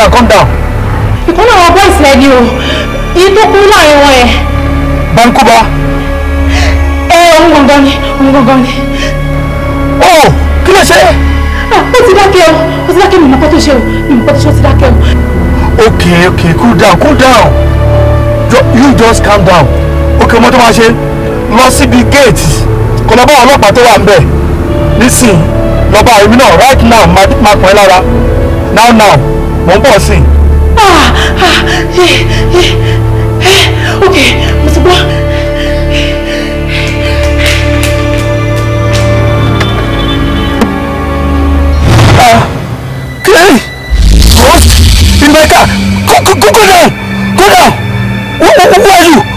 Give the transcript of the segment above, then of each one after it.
down calm down. You náà wọn bọ́ọ̀sì lẹ́bi o èyí tó kú láàrin wọn ẹ̀. Bankuba. ẹ òun gangan ni òun gangan ni. ó kí ló ṣe. Ah, ó ti dákẹ́ o ó ti dákẹ́ mi nǹkan tó ṣe o mi nǹkan tó ṣe ó ti dákẹ́ okay okay cool down cool down you just calm down okay what do I say? lọ síbi gates. Come lọ bá àwọn ọlọ́pàá tó there. Listen, bẹ̀ nísìnyí lọ bá náà right now máa pọ̀ ẹ́ lára now now mò ń bọ̀ sí i. ok mo ti gbọ́. kéè ó ìmẹ̀ká go go go down go down where are you.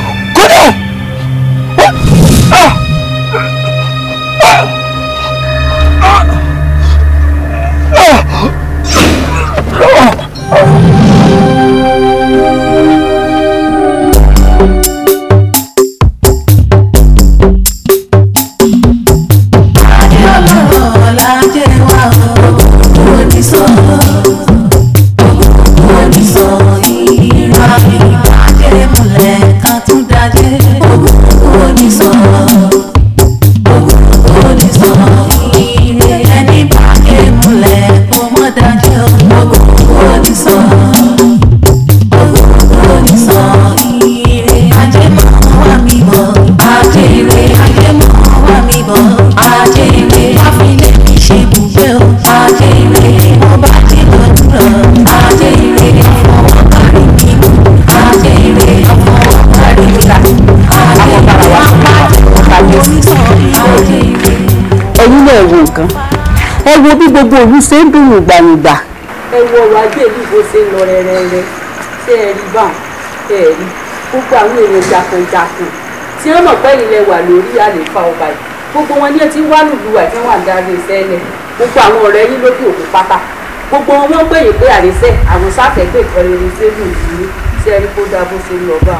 ìgbà. ẹ wo ọrọ̀ ajé ìlú bó ṣe ń lọ rẹ́rẹ́rẹ́ ṣé ẹ rí bá ẹ rí gbogbo àwọn èèyàn jakunjakun tí wọ́n mọ̀ pé ilẹ̀ wà lórí àlefa ọba yìí gbogbo wọn ní ẹ ti wá lùlù wà tí wọ́n wà dárí gbogbo àwọn ọ̀rẹ́ yín lókè òkú pátá gbogbo wọn pè é pé àrísẹ́ àwọn sáfẹ́ pé ìkọlẹ́rin sẹ́gun yìí ṣe é rí kó dáa bó ṣe lọ bá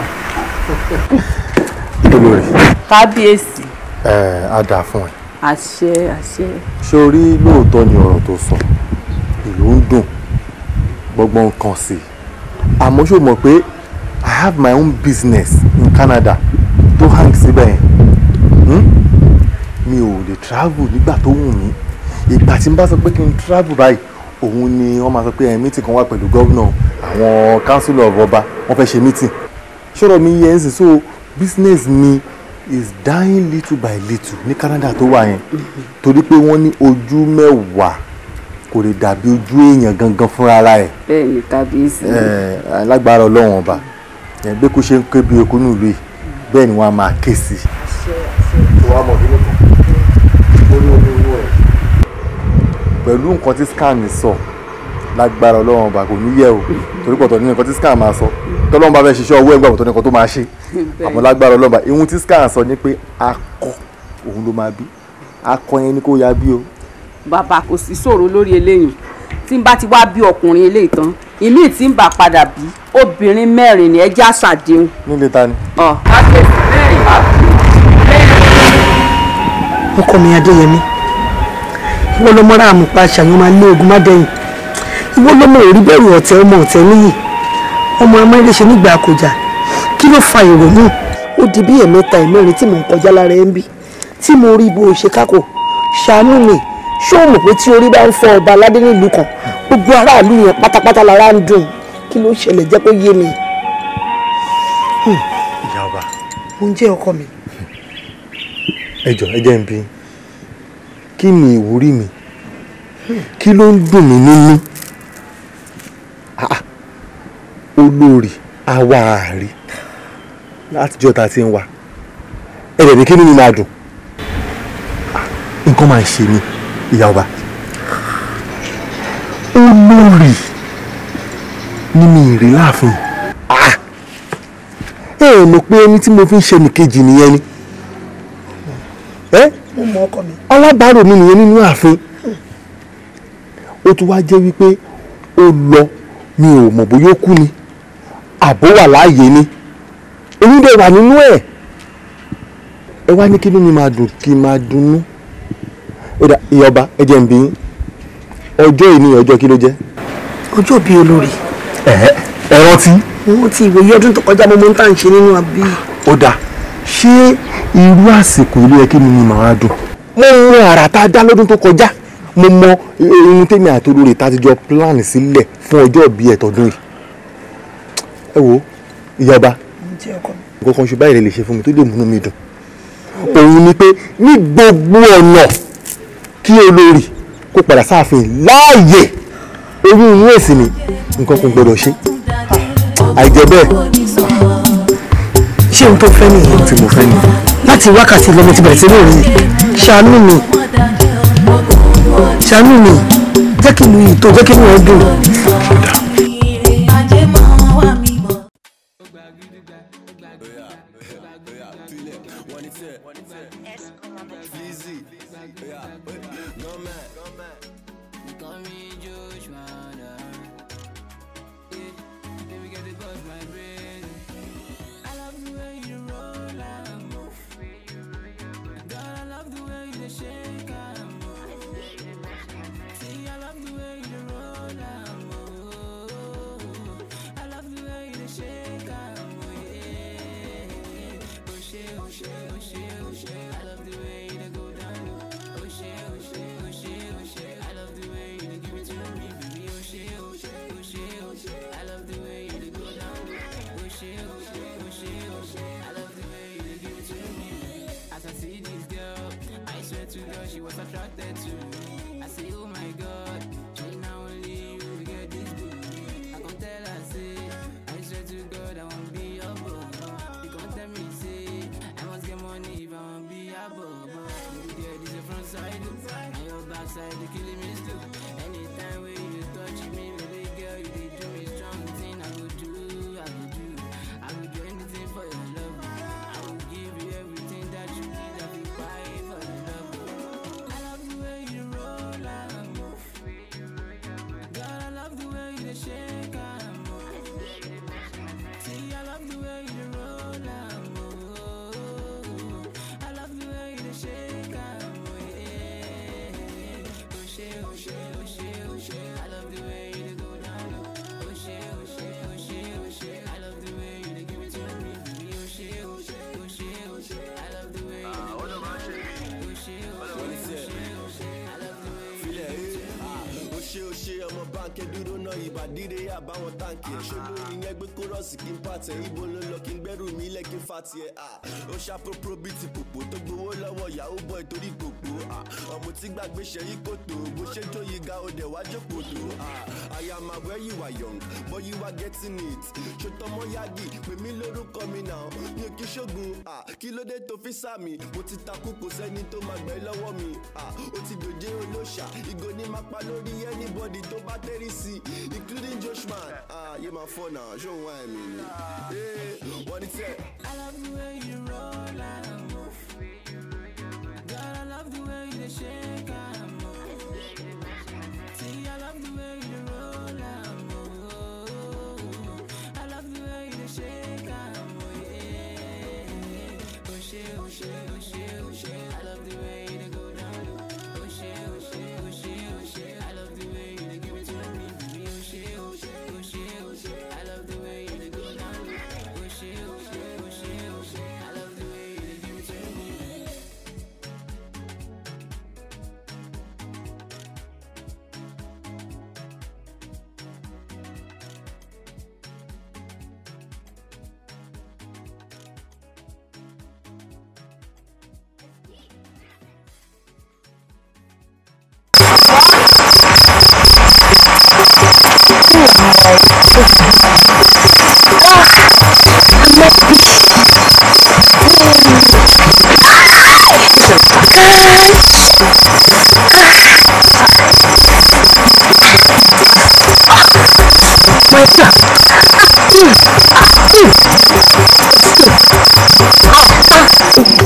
kábíyèsí. ẹ á dáa fún ẹ. àṣẹ àṣẹ. ṣé lóòótọ́ ni ọ̀rọ̀ tó sọ gbọ́gbọ́n kan sí àmọ́ ṣó mọ̀ pé I have my own business in Canada tó hang síbẹ̀ yẹn hmm? mi ò lè travel nígbà tó wù mí ìgbà tí n bá sọ pé kí n travel báyìí òun ni wọ́n máa sọ pé ẹ̀mí tí kan wà pẹ̀lú gọ́vnà àwọn council of ọba wọ́n fẹ́ ṣe meeting ṣọ́rọ̀ mi yẹn sì so business mi is dying little by little ní Canada tó wà yẹn torí pé wọ́n ní ojú mẹ́wàá kò lè dàbí ojú èèyàn gangan fúnra ara ẹ̀. bẹ́ẹ̀ni kábíyèsí. alágbára Ọlọ́run ọba bí kò ṣe ń ké bí okun nílùú yìí bẹ́ẹ̀ ni wọ́n á máa ké sí i. pẹ̀lú nǹkan tí scan sọ lágbára Ọlọ́run ọba kò ní yẹ o torí pọ̀tọ́ ní nǹkan tí scan máa sọ tọ́lọ́run bá fẹ́ ṣiṣẹ́ ọwọ́ ẹ̀gbọ́n pọ̀tọ́ ní nǹkan tó máa ṣe àmọ́ lágbára Ọlọ́run ọba ihun tí scan sọ ni pé akọ òun ló máa bí akọ yẹn ni kò yá bí o bàbá kò sí ṣòro lórí eléyìí tí n bá ti wá bí ọkùnrin eléyìí tán ìmí tí n bá padà bí obìnrin mẹ́rin ni ẹjẹ́ àṣàdéhùn. nílé ta ni. ọkọ mi adéyẹmí ìwọ lọmọ ra àmùpá ṣàyàn máa lé ogun mádẹyìn ìwọ lọmọ òrí bẹ̀rù ọ̀tẹ̀ ọmọ ọ̀tẹ̀ níyì ọmọ amáyéléṣe nígbà àkọjà kí ló fa ìrònú ó di bí ẹ̀mẹ́ta ẹ̀mẹ́rin tí mò ń kọjá lára ẹ̀ ń bí tí mo rí ibo òṣèkákò ṣàánú mi. ṣé o mọ̀ pé tí orí bá ń fọ ọba aládé nílùú kan gbogbo aráàlú yẹn pátápátá lára ń dùn kí ló ṣẹlẹ̀ jẹ́ kó yé mi. Hmm, ìyá ọba. oúnjẹ ọkọ mi. ẹ jọ ẹ jẹ́ n bí kí ni ìwúrí mi kí ló ń dùn mí nínú ah, olórí àwa àárí látijọ́ ta ti ń wa ẹ̀rẹ̀ ní kí ni mi máa dùn ah, nǹkan máa ń ṣe mi. ìyá ọba olórí ni mi rí láàfin ah! ẹ ẹ mọ̀ pé ẹni tí mo fi ń ṣe nìkejì nìyẹn ni alábàárò mi nìyẹn nínú ààfin ó tún wá jẹ́ wípé ó lọ mi ò mọ̀ bóyá ó kú ni àbó wà láàyè ni oyún dẹ̀ wà nínú ẹ̀ ẹ wá ní kí ló ní máa dùn kí máa dunnú ọ̀dà ìyá ọba ẹ jẹ́ n bi yín ọjọ́ yìí ni ọjọ́ kí ló jẹ́. ọjọ́ bíi olórí. ẹ rántí. mo ti ìwòye ọdún tó kọjá mo mọ ń tà ń ṣe nínú àbí. ó dáa ṣé irú àsìkò ilé ẹ kí ni mo máa dùn. mo mọ àrà tá a dá lọ́dún tó kọjá mo mọ ohun tèmi àti olórí tá a ti jọ plan sílẹ̀ fún ọjọ́ bíi ẹ̀tọ́dún yìí. ẹ wo ìyá ọba nǹkan kan ṣe báyìí lè ṣe fún mi tó lè múnú mi dùn òun ni pé ní gbogbo ọ̀nà kí olórí kó padà sáàfin láàyè orí inú èsì ni nǹkan kan gbọdọ̀ ṣe àìjẹ́ bẹ́ẹ̀. ṣé ohun tó fẹ́ nìyí ohun tí mo fẹ́ nìyí láti wákàtí lọ́mọ ti bẹ̀rẹ̀ sí ní òní ṣàánú mi ṣàánú mi jẹ́ kí ìlú yìí tó jẹ́ kí ìlú ẹ̀ dùn. mi ò kí ṣògùn kí ló dé tó fi sá mi mo ti takú kò sẹ́ni tó máa gbẹ́ lọ́wọ́ mi ó ti dòjé olóṣà ìgò ní máa pa lórí anybody tó bá tẹ́rí sí including joshman yé máa fọ́ náà wá ẹ̀mí ni eh, wọ́n ní tẹ́. I love the way you roll and move. God, I love the way you dey shake cheiro, cheiro, cheiro.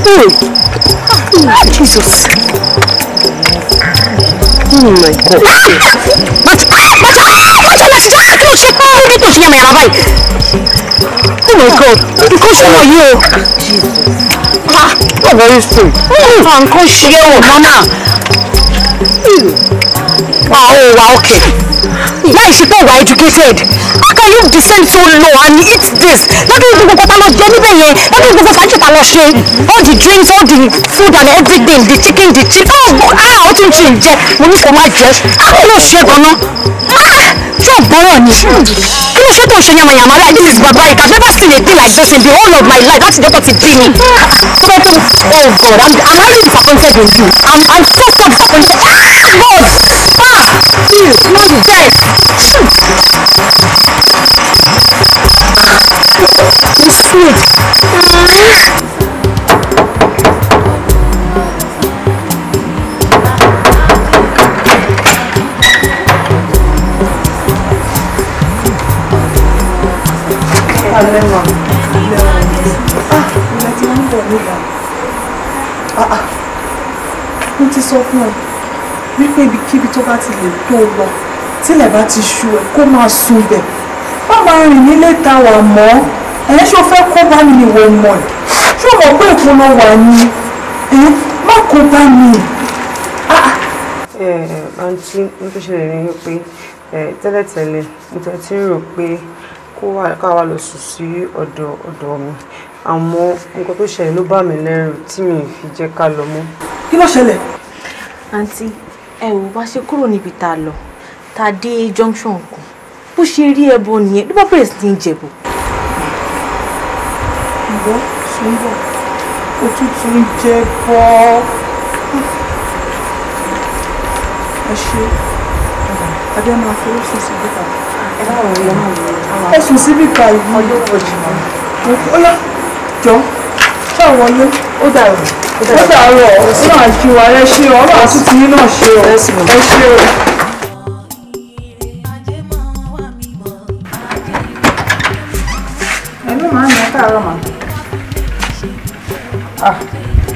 Mm. Jesus. Oh my God. But but but let you just go check out the to see my mama. Oh my God. The question for you. Jesus. Ah, what were you saying? Oh, I'm going to share with Mama. Wow, wow, okay. Why láì ṣe pé wà educated how can you descend so low and eat this lọ́dún ìlú gbogbo táwọn jẹ níbẹ̀ yẹn lọ́dún ìlú gbogbo fàájì táwọn ṣe all the drinks all the food and everything the chicken the chicken oh ah, ah ó tún tún jẹ mo ní kó má jẹ àwọn ah, ló ṣe gan-an tí ò gbọ́rọ̀ ni kí ló ṣe tó ń ṣe yamayama like this is barbaric I've never seen a thing like this in the whole of my life láti dẹ́kọ̀ ti bí mi. tó bá tó oh God I'm, I'm highly disappointed in you I'm, I'm so so disappointed ah God ah baby yes shoot sweet Alẹ́ mọ̀, ilé ọ̀rọ̀ mi. Ah, ilé tí wọ́n ń bọ̀ nígbà. Ah ah, mo ti sọ fún ọ wípé ibikíbi tó bá ti lè tó lọ tílẹ̀ bá ti ṣú ẹ kó máa sùn bẹ̀ má máa rìn nílé ta wà mọ́ ẹ̀yẹ́ ṣó fẹ́ kó bá mi wọ mọ̀ ẹ̀ ṣó mọ̀ pé ìpinnu wà ní ẹ má kó bá mi. Ah, ah. àǹtí mo tó ṣẹlẹ̀ ní pé tẹ́lẹ̀tẹ́lẹ̀ mo tẹ̀ tí ń rò pé kó wà káwa lọ sùn sí ọ̀dọ̀ ọ̀dọ̀ mi àmọ́ nǹkan tó ṣẹlẹ̀ ló bá mi lẹ́rù tí mi fi jẹ́ ká lọ mọ́. kí ló ṣẹlẹ̀. àǹtí ẹ ò bá ṣe kúrò níbi tá a lọ tá a dé junction kan bó ṣe rí ẹbọ nìyẹn ló bá bẹ̀rẹ̀ sí ní jẹ̀bọ̀. ǹgbọ́ ṣùgbọ́n òtútù ń jẹ bọ́ ẹ ṣe adé máa fowó sùn sí bíkà ẹ má wọ̀ ọ́ máa ẹ sùn sí bíkà yìí ọjọ́ ọjọ́ ìmọ̀ ó yá jọ ṣáà wọlé ó dàrú ó dàrú ó máa ṣe wa ṣe ọ ọ máa tún ti yín náà ṣe ọ ẹ ṣe o.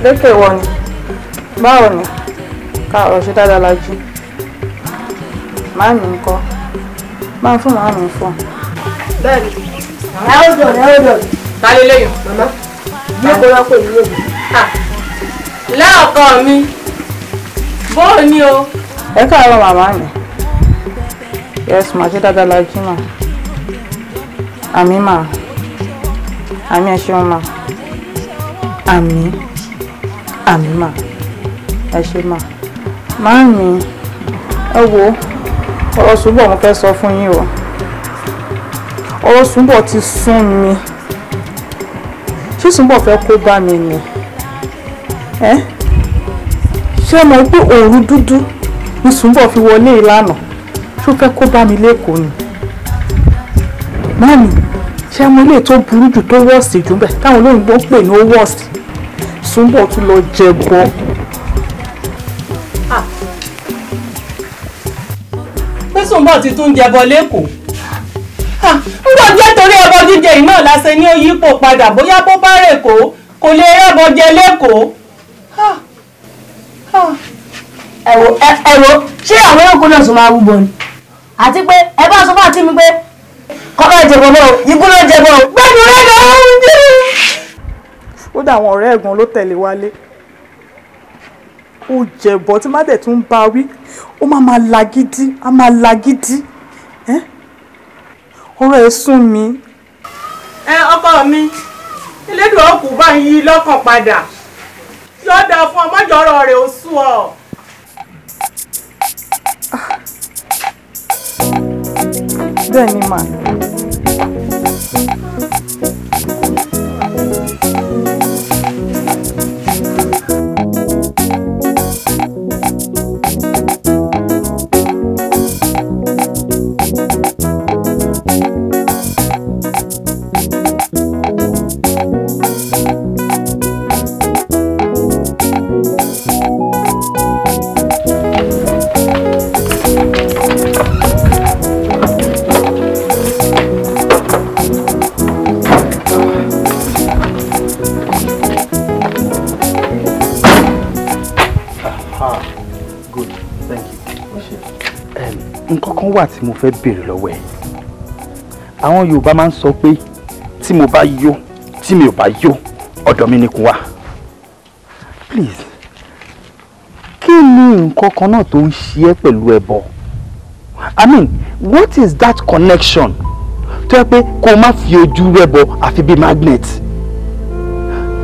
lékè wọ ni báwo ni káàrọ̀ ṣe dáadáa la jù màámi ń kọ́ máa fún màámi fún. bẹ́ẹ̀ni ẹ ó dùn ẹ ó dùn. ta lè Mama. màmá yóò kó wá pè mí lóbi. lẹ́ọ̀kan mi bóò ni o. ẹ káàárọ̀ màmá mi yes ma ṣe dáadáa la jù mà àmì mà àmì ẹ ṣeun mà àmì àmì mà ẹ ṣe mà máa mi ẹ wo ọ̀rọ̀ ṣùgbọ́n mo fẹ́ sọ fún yín o ọ̀rọ̀ ṣùgbọ́n ti sún mi ṣé ṣùgbọ́n fẹ́ kó bá mi ni ẹ ṣé mo pé òru dúdú ni ṣùgbọ́n fi wọlé ìlànà ṣó fẹ́ kó bá mi lẹ́kọ̀ọ́ ni máa mi ṣé mo lè tó burú jù tó wọ́ọ̀sì jù bẹ́ẹ̀ táwọn olóyìnbó ń pè ní ó wọ́ọ̀sì Súnbọ̀ tún lọ jẹ bọ́. Ah. pé Súnbọ̀ ti tún jẹ bọ́ lẹ́kọ̀ọ́ ah, n kò jẹ́ torí ẹbọ jíjẹ yìí náà lásán ní oyípo padà bóyá bó bá rè kó kò lè rẹ́bọ jẹ lẹ́kọ̀ọ́. ẹ̀wò ẹ̀wò ṣé àwọn ẹ̀kọ́ náà sọ máa wúbọ ni àti pé ẹ bá sọ fún àti mi pé kọ́kọ́ ìjẹ̀bọ̀ bọ̀ ìbúlọ̀ ìjẹ̀bọ̀ gbẹ̀dúrẹ́ náà ń jẹ́ kódà àwọn ọ̀rẹ́ ẹ̀gbọ́n ló tẹ̀lé wálé ó jẹ̀bọ̀ tí má dẹ̀ tún bá wí ó má máa lagídí á máa lagídí ọ̀rọ̀ ẹ̀ sún mi. ẹ ọkọ mi elédùn ọkù bá ń yí lọ́kàn padà yọ̀dà fún ọmọjọ́rọ̀ rẹ̀ ó sú ọ. bẹ́ẹ̀ ni màá. tí mo fẹ́ béèrè lọ́wọ́ ẹ̀ àwọn Yorùbá máa ń sọ pé tí mo bá yó tí mi ò bá yó ọ̀dọ̀ mi ni wá please kí ni nǹkan kan náà tó ń ṣe ẹ́ pẹ̀lú ẹbọ i mean what is that connection tó yẹ pé kó o má fi ojú rẹbọ àfi bíi magnet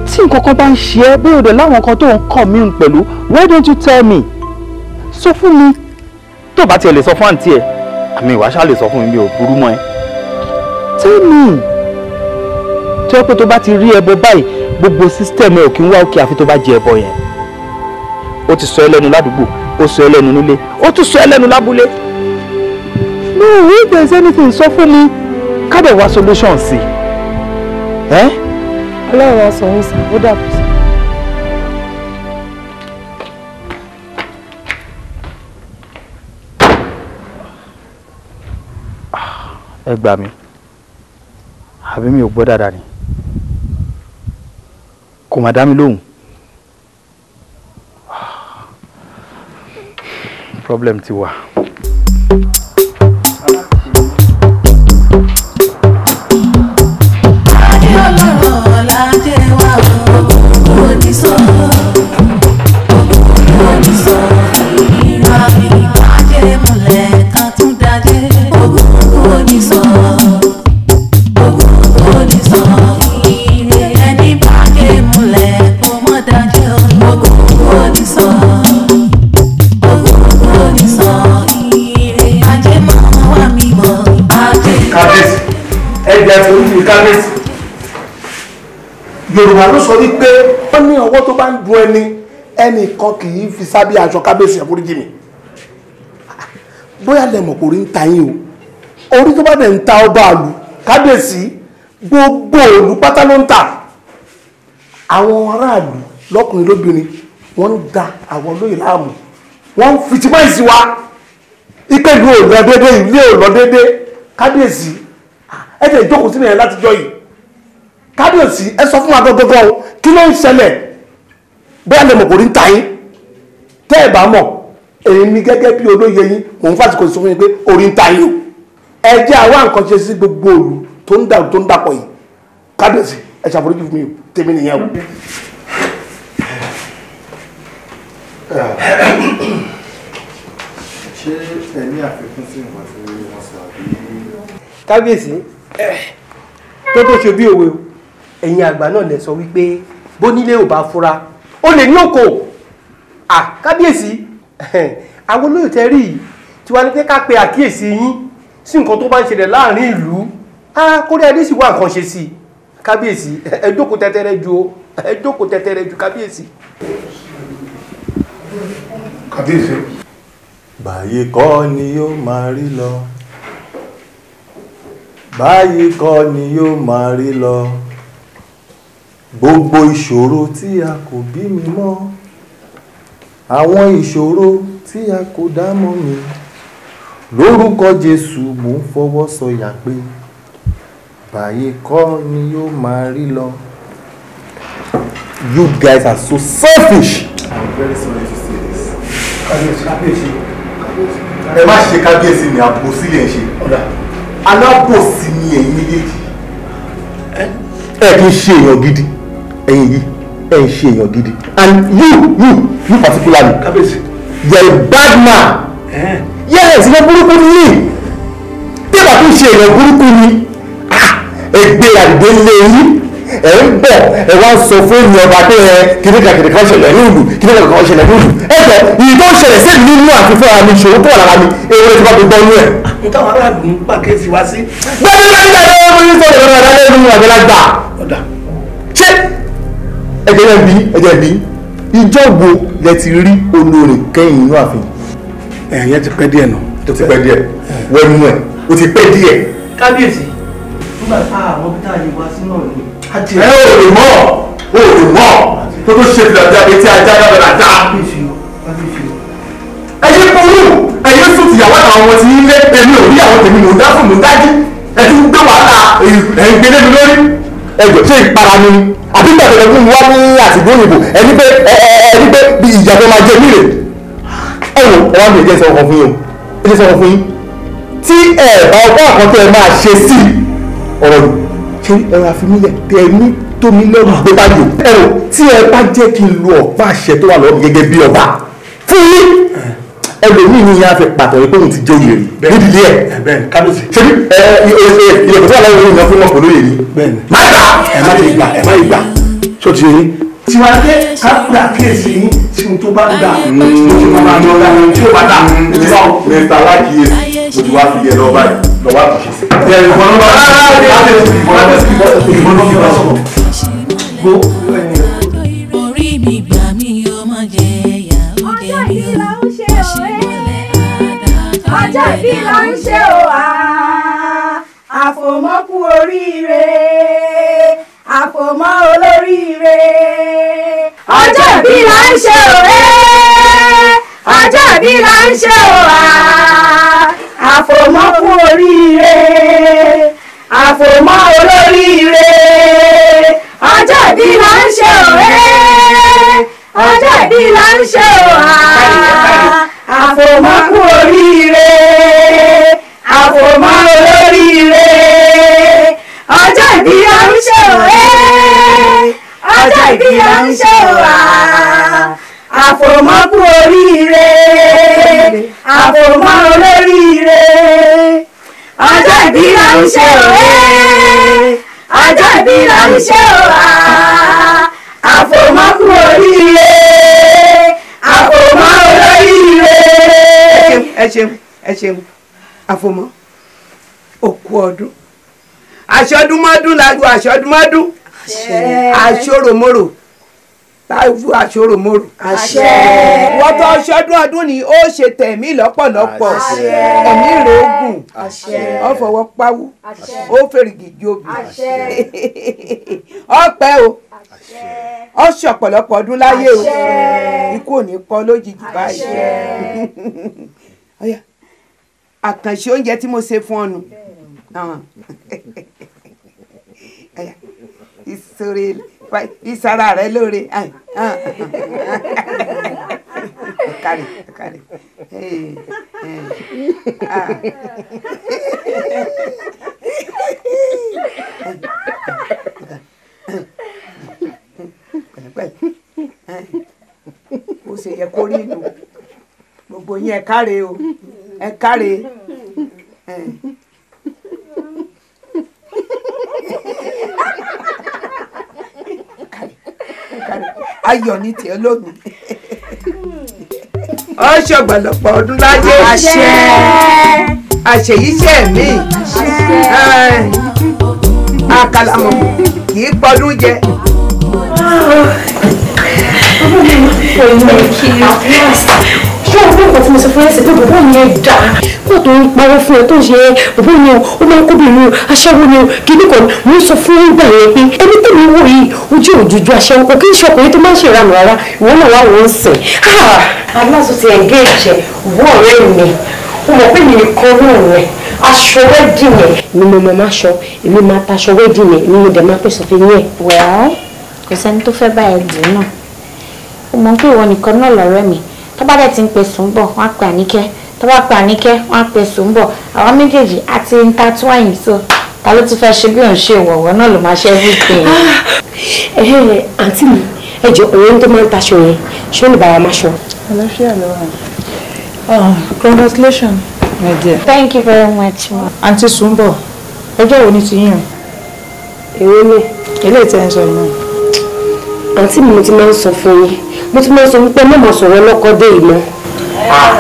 tí nǹkan kan bá ń ṣe ẹ́ bóyá ọ̀dọ̀ láwọn kan tó ń kàn mí pẹ̀lú why don't you tell me sọ fún mi tó bá tiẹ̀ lè sọ fún àǹtí ẹ̀ àmì ìwà ṣáà lè sọ fún mi mi ò burú mọ́ ẹ. tẹ́mi tó yẹ pé tó bá ti rí ẹbọ báyìí gbogbo sísítẹ̀mù ẹ ò kí ń wá òkè àfi tó bá jẹ ẹbọ yẹn ó ti sọ ẹ lẹ́nu ládùúgbò ó sọ ẹ lẹ́nu nílé ó tún sọ ẹ lábúlé. no if there is anything sọ fún mi ká dẹ̀ wá solution sí i. ọlọ́run aṣọ ń sàn ó dàbí. ẹ gbà mí àbí mi ò gbọ́ dáadáa ni kò má dá mi lóhùn problem ti wà. kábíyèsí yorùbá ló sọ wípé ó ní ọwọ́ tó bá ń dun ẹni ẹnìkan kì í fi sábẹ́ aṣọ kábíyèsí ẹ̀fúrújì mi bóyá lẹ́mọ̀ kò rí ń ta yín o orí tó bá dẹ̀ ń ta ọba àlù kábíyèsí gbogbo òlù pátá ló ń tà àwọn aráàlú lọ́kùnrin lóbìnrin wọ́n ń da àwọn olóyè láàmú wọ́n ń fìtìmáìsì wa ìpèlú ò lọ déédéé ilé kábíyèsí ẹ tẹ̀ ìjókòó sílẹ̀ yẹn látijọ́ yìí kábíyèsí ẹ sọ fún wa gọ́gọ́gọ́ o kí ló ń ṣẹlẹ̀ bẹ́ẹ̀ lè mọ̀ kò rí ń ta yín tẹ́ ẹ̀ bá mọ̀ èmi gẹ́gẹ́ bí olóye yín òun fásitì kò sọ fún mi pé orí ń ta yín o ẹ jẹ́ àwa nǹkan ṣe sí gbogbo òru tó ń dàrú tó ń dàpọ̀ yìí kábíyèsí ẹ ṣàforíjì fún mi o tèmi nìyẹn o. ṣé ẹ ní àfikún sí ìwọ̀n tí kábíyèsí tó tó ṣe bí òwe ẹ̀yin àgbà náà lè sọ wípé bónílé ò bá fura ó lè ní òkò à kábíyèsí àwọn olóyè tẹ rí yìí tí wàá ní pé ká pe àkíyèsí yín sí nǹkan tó bá ń ṣẹlẹ̀ láàrin ìlú kórè adé sì wá nǹkan ṣe sí i kábíyèsí ẹ jókòó tẹ́tẹ́rẹ́ ju ẹ tẹ́tẹ́rẹ́ ju kábíyèsí. kábíyèsí. báyé ni yóò máa rí lọ báyìí kọ́ ni yóò máa rí lọ gbogbo ìṣòro tí a kò bí mi mọ́ àwọn ìṣòro tí a kò dá mọ́ mi lórúkọ Jésù mò ń fọwọ́ sọyà pé báyìí kọ́ ni yóò máa rí lọ. You guys are so selfish. I'm very sorry to say this. kábíyèsí kábíyèsí ẹ má ṣe kábíyèsí ni àbòsí yẹn ṣe alábòsí ni ẹ̀yin méjèèjì. ẹ kì í ṣe èèyàn gidi ẹ̀yin yìí ẹ ń ṣe èèyàn gidi and you you you particularly you're a bad man eh. yes ìwọ burúkú ni tẹ́lá tó ń ṣe èèyàn burúkú ni ah, ẹgbẹ́ àdìdé lé yín ẹ ń bọ̀ ẹ wá ń sọ fún mi ọba pé ẹ kìnìkan kìnìkan ṣẹlẹ̀ ní ìlú kìnìkan kìnìkan ṣẹlẹ̀ ní ìlú ẹ jọ ìyí tó ṣẹlẹ̀ sí ìlú inú àti fúnra mi ṣòro tó wà lára mi ewé tí wọ́n fi gbọ́ inú ẹ̀. nǹkan àwọn aráàlú ń pàkíyèsí wá sí. gbẹ́dẹ́ gbẹ́dẹ́ gbẹ́dẹ́ gbẹ́dẹ́ gbẹ́dẹ́ gbẹ́dẹ́ kábíyèsí nígbà tá àwọn bí tá a lè wá sínú ọ̀rọ̀ ẹ ò lè mọ̀ ò lè mọ̀ tó tó ṣe fìlà jáde tí ajá dábẹ́ là dá. ẹyẹ kúrú ẹyẹ sùn tìyàwó àwọn ọmọ tí ilé èmi ò rí àwọn tèmi mò ń dá fún mi dájú ẹ ti ń gbé wàhálà ẹ ń gbé lé mi lórí. ẹ jọ ṣé ìpara ni àbí gbàgbọ́dọ̀ fún mi wá ní àtìgbó òyìnbó ẹni pé ẹni pé ìjà tó máa jẹ mí rè ẹ wò ẹ wá mi ìjẹ́ sọ̀rọ̀ fún yín o ìjẹ́ sọ̀rọ̀ fún yín tí ẹ bá ọgbọ́n àkọ́tẹ́ máa ṣe sí ọ̀rọ̀ yìí torí ẹ̀rọ àfimílẹ̀ tẹ̀mí tómi lẹ́rù gbé bá yò ẹ̀rọ tí ẹ bá jẹ́ kí n lo ọ̀pá àṣẹ tó wà lọ́wọ́ gẹ́gẹ́ bí ọba fún yín ẹlòmíì ni yẹn á fi pàtó ẹ pé òun ti jẹ òye rí nídìí ẹ ṣe ní ẹ ẹ ìyẹ̀kọ̀ tó wà lọ́wọ́ ìyẹn fún ọkọ̀ lóye ni má gbà ẹ má ti gbà ẹ má gbà ṣó ti yẹ tiwa dé ká pé àkíyèsí yín tí n tó bá dà mo ti máa ń lọ dà tí ó bá dà mo mẹ́ta láàkíyèsí mo ti fi yẹ lọ báyìí lọ́wọ́ àtúnṣe sí. ẹ ìwọ̀n ló bá ìwọ̀n ló bá ìwọ̀n ló bá sọ̀rọ̀. gbó o ọjọ́ ìbí là o àfòmọ́kù oríire àfòmọ́ olóríire ọjọ́ ìbí là ń ṣe o eh! ọjọ́ ìbí là ń ṣe o ah! àfòmọ́ oríire àfòmọ́ olóríire ọjọ́ ìbí là ń ṣe ọ̀rẹ́ ọjọ́ ìbí là ń ṣe ọ̀hà àfòmọ́ kú oríire àfòmọ́ olóríire ọjọ́ ìbí là ń ṣe ọ̀rẹ́ ọjọ́ ìbí là ń ṣe ọ̀hà àfòmọ́ kú oríire àfòmọ́ olóríire ìbí là ń ṣe òwe eh, ọjọ́ ìbí là ń ṣe òwa ah, àfòmọ́kù oríire àfòmọ́ olóríire. ẹ ṣeun ẹ ṣeun àfòmọ́ òkú ọdún àṣọdúnmọ́dún lágbo àṣọdúnmọ́dún àṣọròmọ́rò táìfù àṣòròmọ́rò. àṣẹ. wọ́n tó ṣọdún ọdún ni ó ṣe tẹ̀mí lọ́pọ̀lọpọ̀ ẹ̀mí rẹ̀ ogun ó fọwọ́ pawú ó fèrègì jobi ọpẹ́ o ó ṣe ọ̀pọ̀lọpọ̀ ọdún láyé o ikú ò ní kọ́ lójijì báyìí. àkànṣe oúnjẹ tí mo ṣe fún ọ nù. ìṣòro ìsara rẹ lóore kárí ah, ah. kárí ah. ó ṣe yẹ kó rí inú gbogbo yín ẹ káre o ẹ káre. ayọ̀ ní tiẹ̀ lónìí. ó ṣọ̀gbọ̀lọpọ̀ ọdún láyé. àṣẹ àṣeyíṣẹ́ mi àkàlàmọ̀ kì í pọdún jẹ. Thank you fún ọtí nǹkan tí mo sọ fún ẹ sí pé bàbá mi yẹn dà kó tó ń parọ́ fún ẹ tó ń ṣe ẹ bàbá mi yẹn ó máa ń kóbìnrin aṣẹ́wó ni kíní kan mo sọ fún ẹ gbà yẹn pé ẹni tẹ̀mí wò yìí ojú òjòjú aṣẹ́wó kò kí n ṣe ọkùnrin tó máa ń ṣe ìranù rárá ìwọ náà wà wọ́n ń sìn. aláṣọ ah! ti ẹ̀ngẹ́ẹ̀jẹ̀ wọ́ ọ̀rẹ́ mi ó mọ̀ pé mi nìkan náà rẹ̀ aṣọ wẹ́dìn yẹn ni mo máa máa ṣọ èmi máa taṣọ wẹ́dìn yẹn ni mo dẹ̀ máa pèsè fún yẹn. wẹ́ẹ́ kò sẹ́ni tó fẹ́ bá ẹ dùn náà ó mọ̀ pé ìwọ nìkan náà lọ́rẹ́ mi tó bá dẹ̀ ti ń pè sùn wọ́n á pè àníkẹ́ tó bá pè àníkẹ́ wọ́n á pè sùn àwọn méjèèjì á ti so ta ló ti fẹ́ ṣe bí òun ṣe ìwọ̀wọ́ náà ló máa ṣe everything. ẹ ah, eh, eh, àǹtí mi ẹ jọ òun tó máa ń taṣọ yẹn ṣé ó lè bá máa ṣọ. àlàáfíà ló wà ah, ní. my dear. thank you very much. àǹtí sùn ọjọ́ wo ni ti yàn. èwe ni. ilé ìtẹ̀ ń sọ yìí. àǹtí mi ti máa ń sọ fún yín mo ti máa sọ wípé mo mọ̀ sọ̀rọ̀ lọ́kọ dé ìmọ̀. Ah.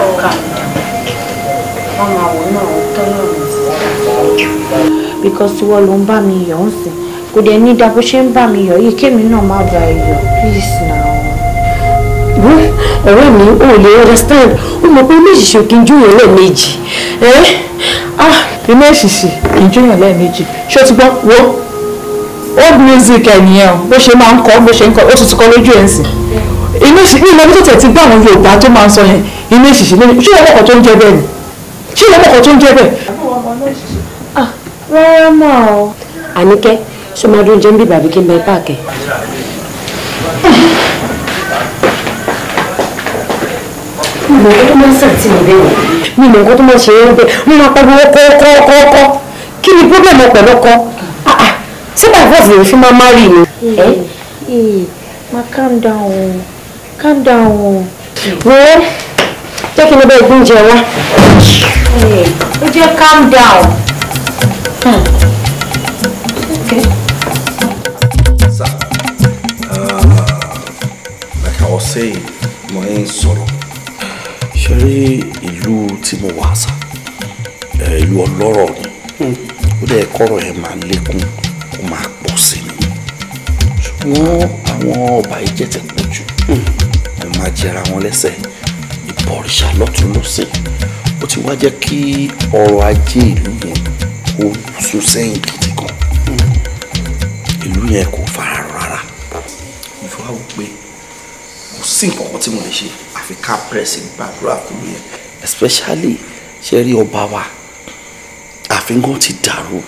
because tí wọ́n ló ń bá mi yọ̀ ń sìn kò dẹ̀ ní dá ṣe ń bá mi yọ̀ yìí kémi náà má ba yọ̀ please na o. mi ò lè understand ó mọ̀ pé méjì ṣe kí n júwèé lẹ́ẹ̀mejì ẹ́ ah ilé ìṣìṣì kì í júyàn lẹ́ẹ̀mejì ṣé o ti gbọ́ wo old music ẹ̀ nìyẹn o bó ṣe máa ń kọ́ bó ṣe ń kọ́ ó tuntun kọ́ lójú ẹ̀ ń sìn inú ìṣì ní ìlọ́bí tètè ti gbọ́ àwọn Yorùbá tó máa ń sọ yẹn inú ìṣìṣì lórí ṣé ìyẹn mọ̀kàn tó ń jẹ́ bẹ́ẹ̀ ni ṣé ìyẹn mọ̀kàn tó ń jẹ́ bẹ́ẹ̀. Ah, rárá mà ó. Àníkẹ́ ṣé máa dún jẹ́ ń bí bàbí kí n bẹ páàkì. mi mọ̀ nǹkan tó máa ń sàtì mi bẹ́ẹ̀ mi mọ̀ nǹkan tó máa ń ṣe é bẹ́ẹ̀ mo máa pariwo kọ́kọ́kọ́kọ́ kí ni pọ́blẹ́mù pẹ̀lú ọkọ sí bàbá ọ̀sẹ̀ lè fi máa má rí mi. ẹ ẹ máa calm down o calm down o. Take jẹ́ kí n bẹ́ẹ̀ gbé oúnjẹ wá. ó calm down. Hmm. Sir, uh, ah, like I was saying, mo ń sọ̀rọ̀ ṣe rí ìlú tí mo wà sá eh, ìlú ọlọ́rọ̀ ni hmm. ó dẹ̀ kọ́rọ̀ ẹ̀ máa lékún ó máa pọ̀ sí ni ṣùgbọ́n máa jẹra wọn lẹ́sẹ̀ ìbọ̀rìṣà lọ́tún lọ́sì ó ti wá jẹ́ kí ọrọ̀ ajé ìlú yẹn ó sún sẹ́yìn gidi gan ìlú yẹn kò fara rárá mo wò pé kò sí nǹkan tí mo lè ṣe àfi ká pẹ́ẹ́sì gbàdúrà fún yẹn especially ṣe rí ọba wa àfihàn ti dàrú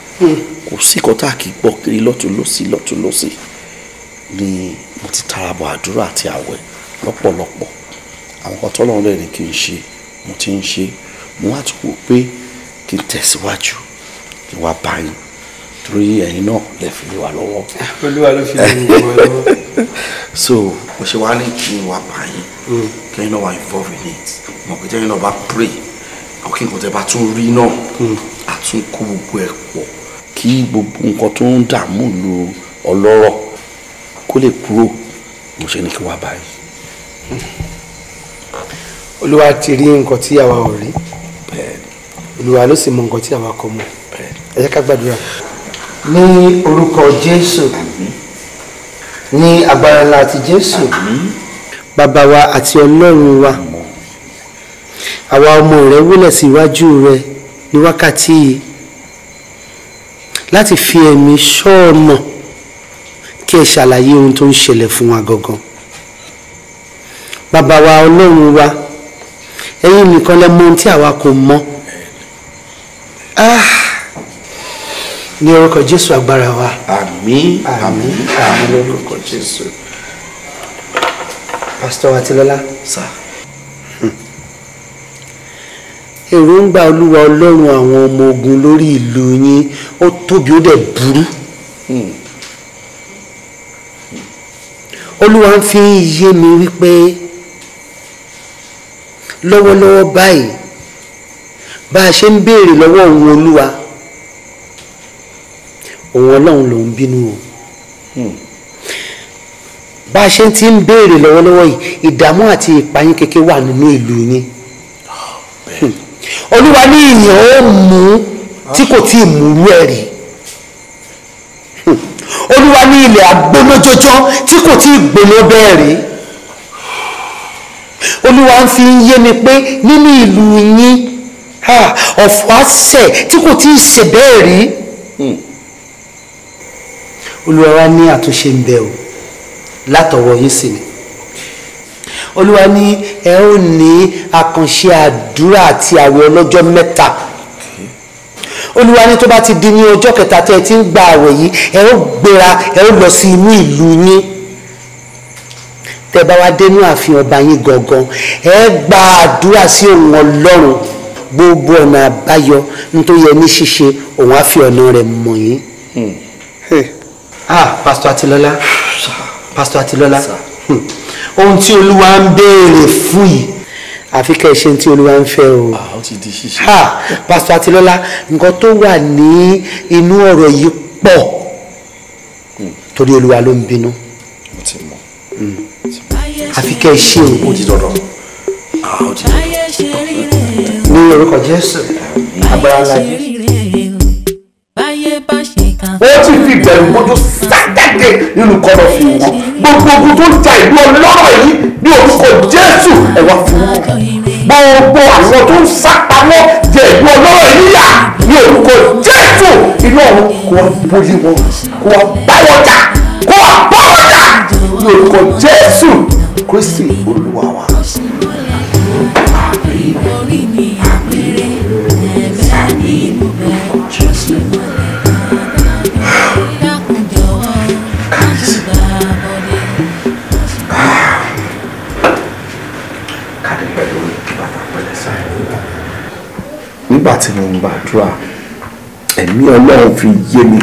kò sí nǹkan tá a kì í gbọ́ kiri lọ́tún lọ́sì lọ́tún lọ́sì ni mo ti tara bọ̀ àdúrà àti àwẹ̀ lọ́pọ̀lọpọ̀ àwọn kan tọ́lọ́run lẹ́ni kì í ṣe mo ti ń ṣe mo wá tún wò pé kí n tẹ̀síwájú kí n wá bá yín torí ẹ̀yin náà lè fi wà lọ́wọ́. olúwa ló fi lè wà lọ́wọ́. so mo ṣe wá ní kí n wá bá yín mm. kẹ́yìn náà wà involve in it mo kì í tẹ́yìn náà bá pray àwọn kí nǹkan tẹ́ bá tún rí náà àtúnkù mm. gbogbo ẹ̀ pọ̀ kí gbogbo nǹkan tó ń dààmú lu ọlọ́rọ̀ kó lè kúrò mo ṣe ní kí wá báyìí olúwa ti rí nǹkan tí àwa ò rí olúwa ló sì mọ nǹkan tí àwa kò mọ ẹ jẹ́ ká gbàdúrà. ní orúkọ jésù ní agbára ńlá ti jésù bàbá wa àti ọlọ́run wa àwa ọmọ rẹ wúlẹ̀ síwájú rẹ ní wákàtí yìí láti fi ẹ̀mí ṣọ́ọ̀nà kí ẹ ṣàlàyé ohun tó ń ṣẹlẹ̀ fún wa gangan bàbá wa ọlọ́run wa ẹ̀yin nìkan lẹ mọ ohun tí àwa kò mọ ah, ní orúkọ jésù agbára wa. àmín àmín àmín lórúkọ jésù. pásítọ̀ Àtilọ́lá. sà. Hmm. èròǹgbà olúwa ọlọ́run àwọn ọmọ ogun lórí ìlú yín ó tóbi ó dẹ̀ burú. Hmm. olúwa ń fi yé mi wípé lọ́wọ́lọ́wọ́ báyìí bá a ṣe ń béèrè lọ́wọ́ òun olúwa òun ọlọ́run ló ń bínú o hmm. bá a ṣe ti ń béèrè lọ́wọ́lọ́wọ́ yìí ìdààmú àti ìpayín kékeré wà nínú ìlú yín olúwa ní ìyàn ó mú tí kò tí ì múrú ẹ̀ rí hmm. olúwa ní ilẹ̀ agbónájọjọ́ tí kò tí ì gbóná bẹ́ẹ̀ rí olúwa ń fi yé mi pé nínú ìlú yín ọ̀fọ̀ àṣẹ tí kò tí ì ṣe bẹ́ẹ̀ rí hmm. olúwa wa ní àtúnṣe ń bẹ o látọwọ́ yín sì ni olúwa ní ẹ ó ní àkànṣe àdúrà àti àwẹ̀ ọlọ́jọ́ mẹ́ta olúwa ní tó bá ti di ní ọjọ́ kẹta tẹ́ ẹ ti ń gba àwẹ̀ yìí ẹ ó gbéra ẹ ó lọ sí inú ìlú yín tẹ bá wá dénú ààfin ọba yín gangan ẹ gba àdúrà sí òun ọlọ́run gbogbo ọ̀nà àbáyọ nítorí yẹ ṣíṣe òun á fi ọ̀nà rẹ̀ mọ̀ yín. Hmm. ah pásítọ̀ àtìlọ́lá pásítọ̀ àtìlọ́lá ohun tí olúwa ń béèrè fún yìí àfi kẹ́ ẹ ṣe tí olúwa ń fẹ́ o. Ah, ó pásítọ̀ àtìlọ́lá nǹkan tó wà ní inú ọ̀rọ̀ yìí pọ̀ hmm. torí olúwa ló ń bínú. mo àfi kẹ́ ẹ ṣe o ti dandan ah, ní orúkọ Jésù agbára ńlá yìí. wọ́n ti fi ìbẹ̀rù bójú sátẹ̀dẹ̀ nínú kọ́nà fi wọ́n gbogbo ogun tó ń ja ìlú ọlọ́rọ̀ yìí ní orúkọ Jésù ẹ̀wà fi wọ́n gbogbo àwọn tó ń sápamọ́ jẹ ìlú ọlọ́rọ̀ yìí yà ní orúkọ Jésù inú ọ̀run kò wá borí wọn kò wá bá wọn jà kò wá bá wọn jà ní orúkọ Jésù. Kristi Olúwa wa. orí mi àpẹẹrẹ ẹ̀bẹ̀ ni mo bẹ̀ ọ́ ṣe mọ́lẹ̀ dáadáa dákun jọ̀wọ́ má ṣe bá a bọ̀dẹ̀. káàdì pẹ̀lú bàbá pẹ̀lẹ́ sáré. nígbà tí mo ń gbàdúrà ẹ̀mí Ọlọ́run fi yé mi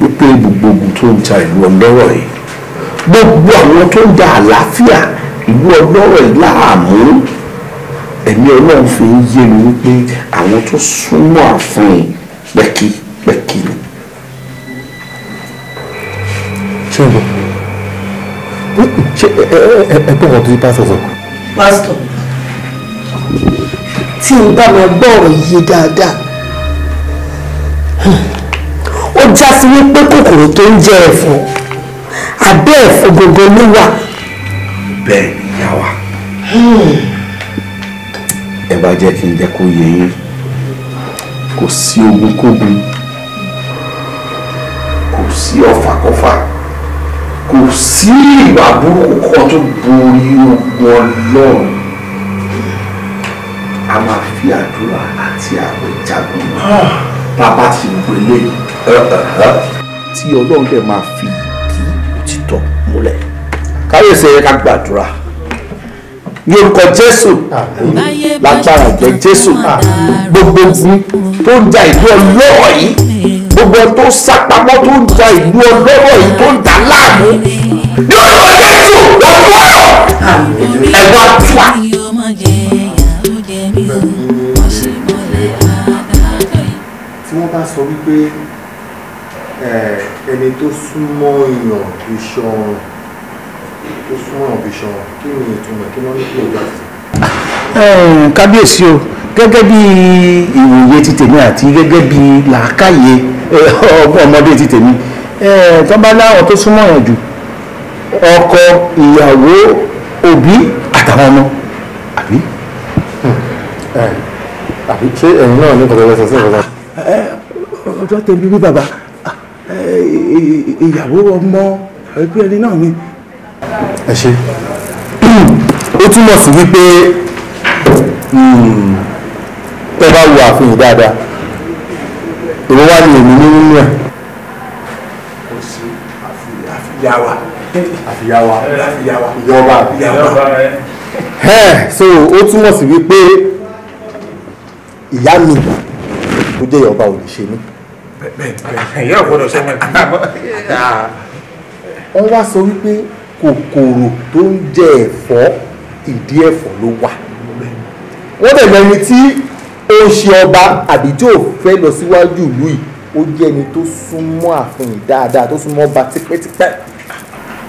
wípé gbogbo ogun tó ń ja ìlú ọlọ́rọ̀ yìí gbogbo àwọn tó ń da àlàáfíà ìlú ọlọ́rọ̀ yìí láàmú ẹ̀mí ọlọ́run fi ń yé mi wípé àwọn tó súnmọ́ àfọ̀n yìí pẹ́kípẹ́kí ni. ṣé ẹgbẹ́ ọ̀rọ̀ tó yí pásítọ̀ sọ. pásítọ̀ tí n bá máa gbọ́ ọ̀rọ̀ yìí dáadáa ó já sí wípé kòkòrò tó ń jẹ ẹ̀fọ́ abẹ́ ẹ̀fọ́ gbogbo ló wà. bẹ́ẹ̀ ni ìyá wa ẹ bá jẹ́ kí n jẹ́ kó yẹ yín kò sí ogunkógun kò sí ọ̀fàkọ́fà kò sí ìwà burúkú kan tó borí ogun ọlọ́run a máa fi àdúrà àti àwọn ìjagun ah. bá bá ti gbélé tí ọlọ́run dẹ̀ máa fi múlẹ̀ káyọ̀sí ẹ̀yẹ ká gbàdúrà ní orúkọ jésù lágbára ìjẹ jésù gbogbo tó ń ja ìlú ọlọ́rọ̀ yìí gbogbo tó sápamọ́ tó ń ja ìlú ọlọ́rọ̀ yìí tó ń dà láàmú ní orúkọ jésù lọ́wọ́ ẹ̀rọ àdúrà. tí wọ́n bá sọ wípé Eh, ẹni tó súnmọ́ èèyàn bí ṣọrùn tó súnmọ́ èèyàn bí ṣọrùn kí ni ìtumọ̀ kí wọ́n ní kí òjò àti. Eh, kábíyèsí o gẹ́gẹ́ bí ìwòye ti tèmi àti gẹ́gẹ́ bí làákàyè eh, ọmọdé ti tèmi tó bá láwọn tó súnmọ́ èèyàn jù ọkọ ìyàwó òbí àtàwọn ọmọ àbí. àbí ṣé ẹ̀yin náà ní kọ̀tọ̀ lọ́sọ̀ọ́sọ̀ ọ̀dọ́ tẹ̀lé bí bàbá Eh, ìyàwó ọmọ ẹgbẹ́ ẹni náà ni. ẹ ṣe ó túmọ̀ sí wípé hmm, tẹ́ bá wo àfihàn dáadáa èmi wá ní èmi nínú ẹ̀. kò sí àfìyàwá. àfìyàwá ìjọba àfìyàwá. ẹ so ó túmọ̀ sí wípé ìyá mi ló jẹ́ ìyọba ò ṣe mí yóò gbọ́dọ̀ sọmọ ẹ̀. wọ́n wá sọ wípé kòkòrò tó ń jẹ ẹ̀fọ́ ìdí ẹ̀fọ́ ló wà wọ́n dẹ̀ lẹ́ni tí ó ń ṣe ọba àbí tí ò fẹ́ lọ síwájú ìlú yìí ó jẹ́ ẹni tó súnmọ́ ààfin dáadáa tó súnmọ́ ọba tipẹ́tipẹ́.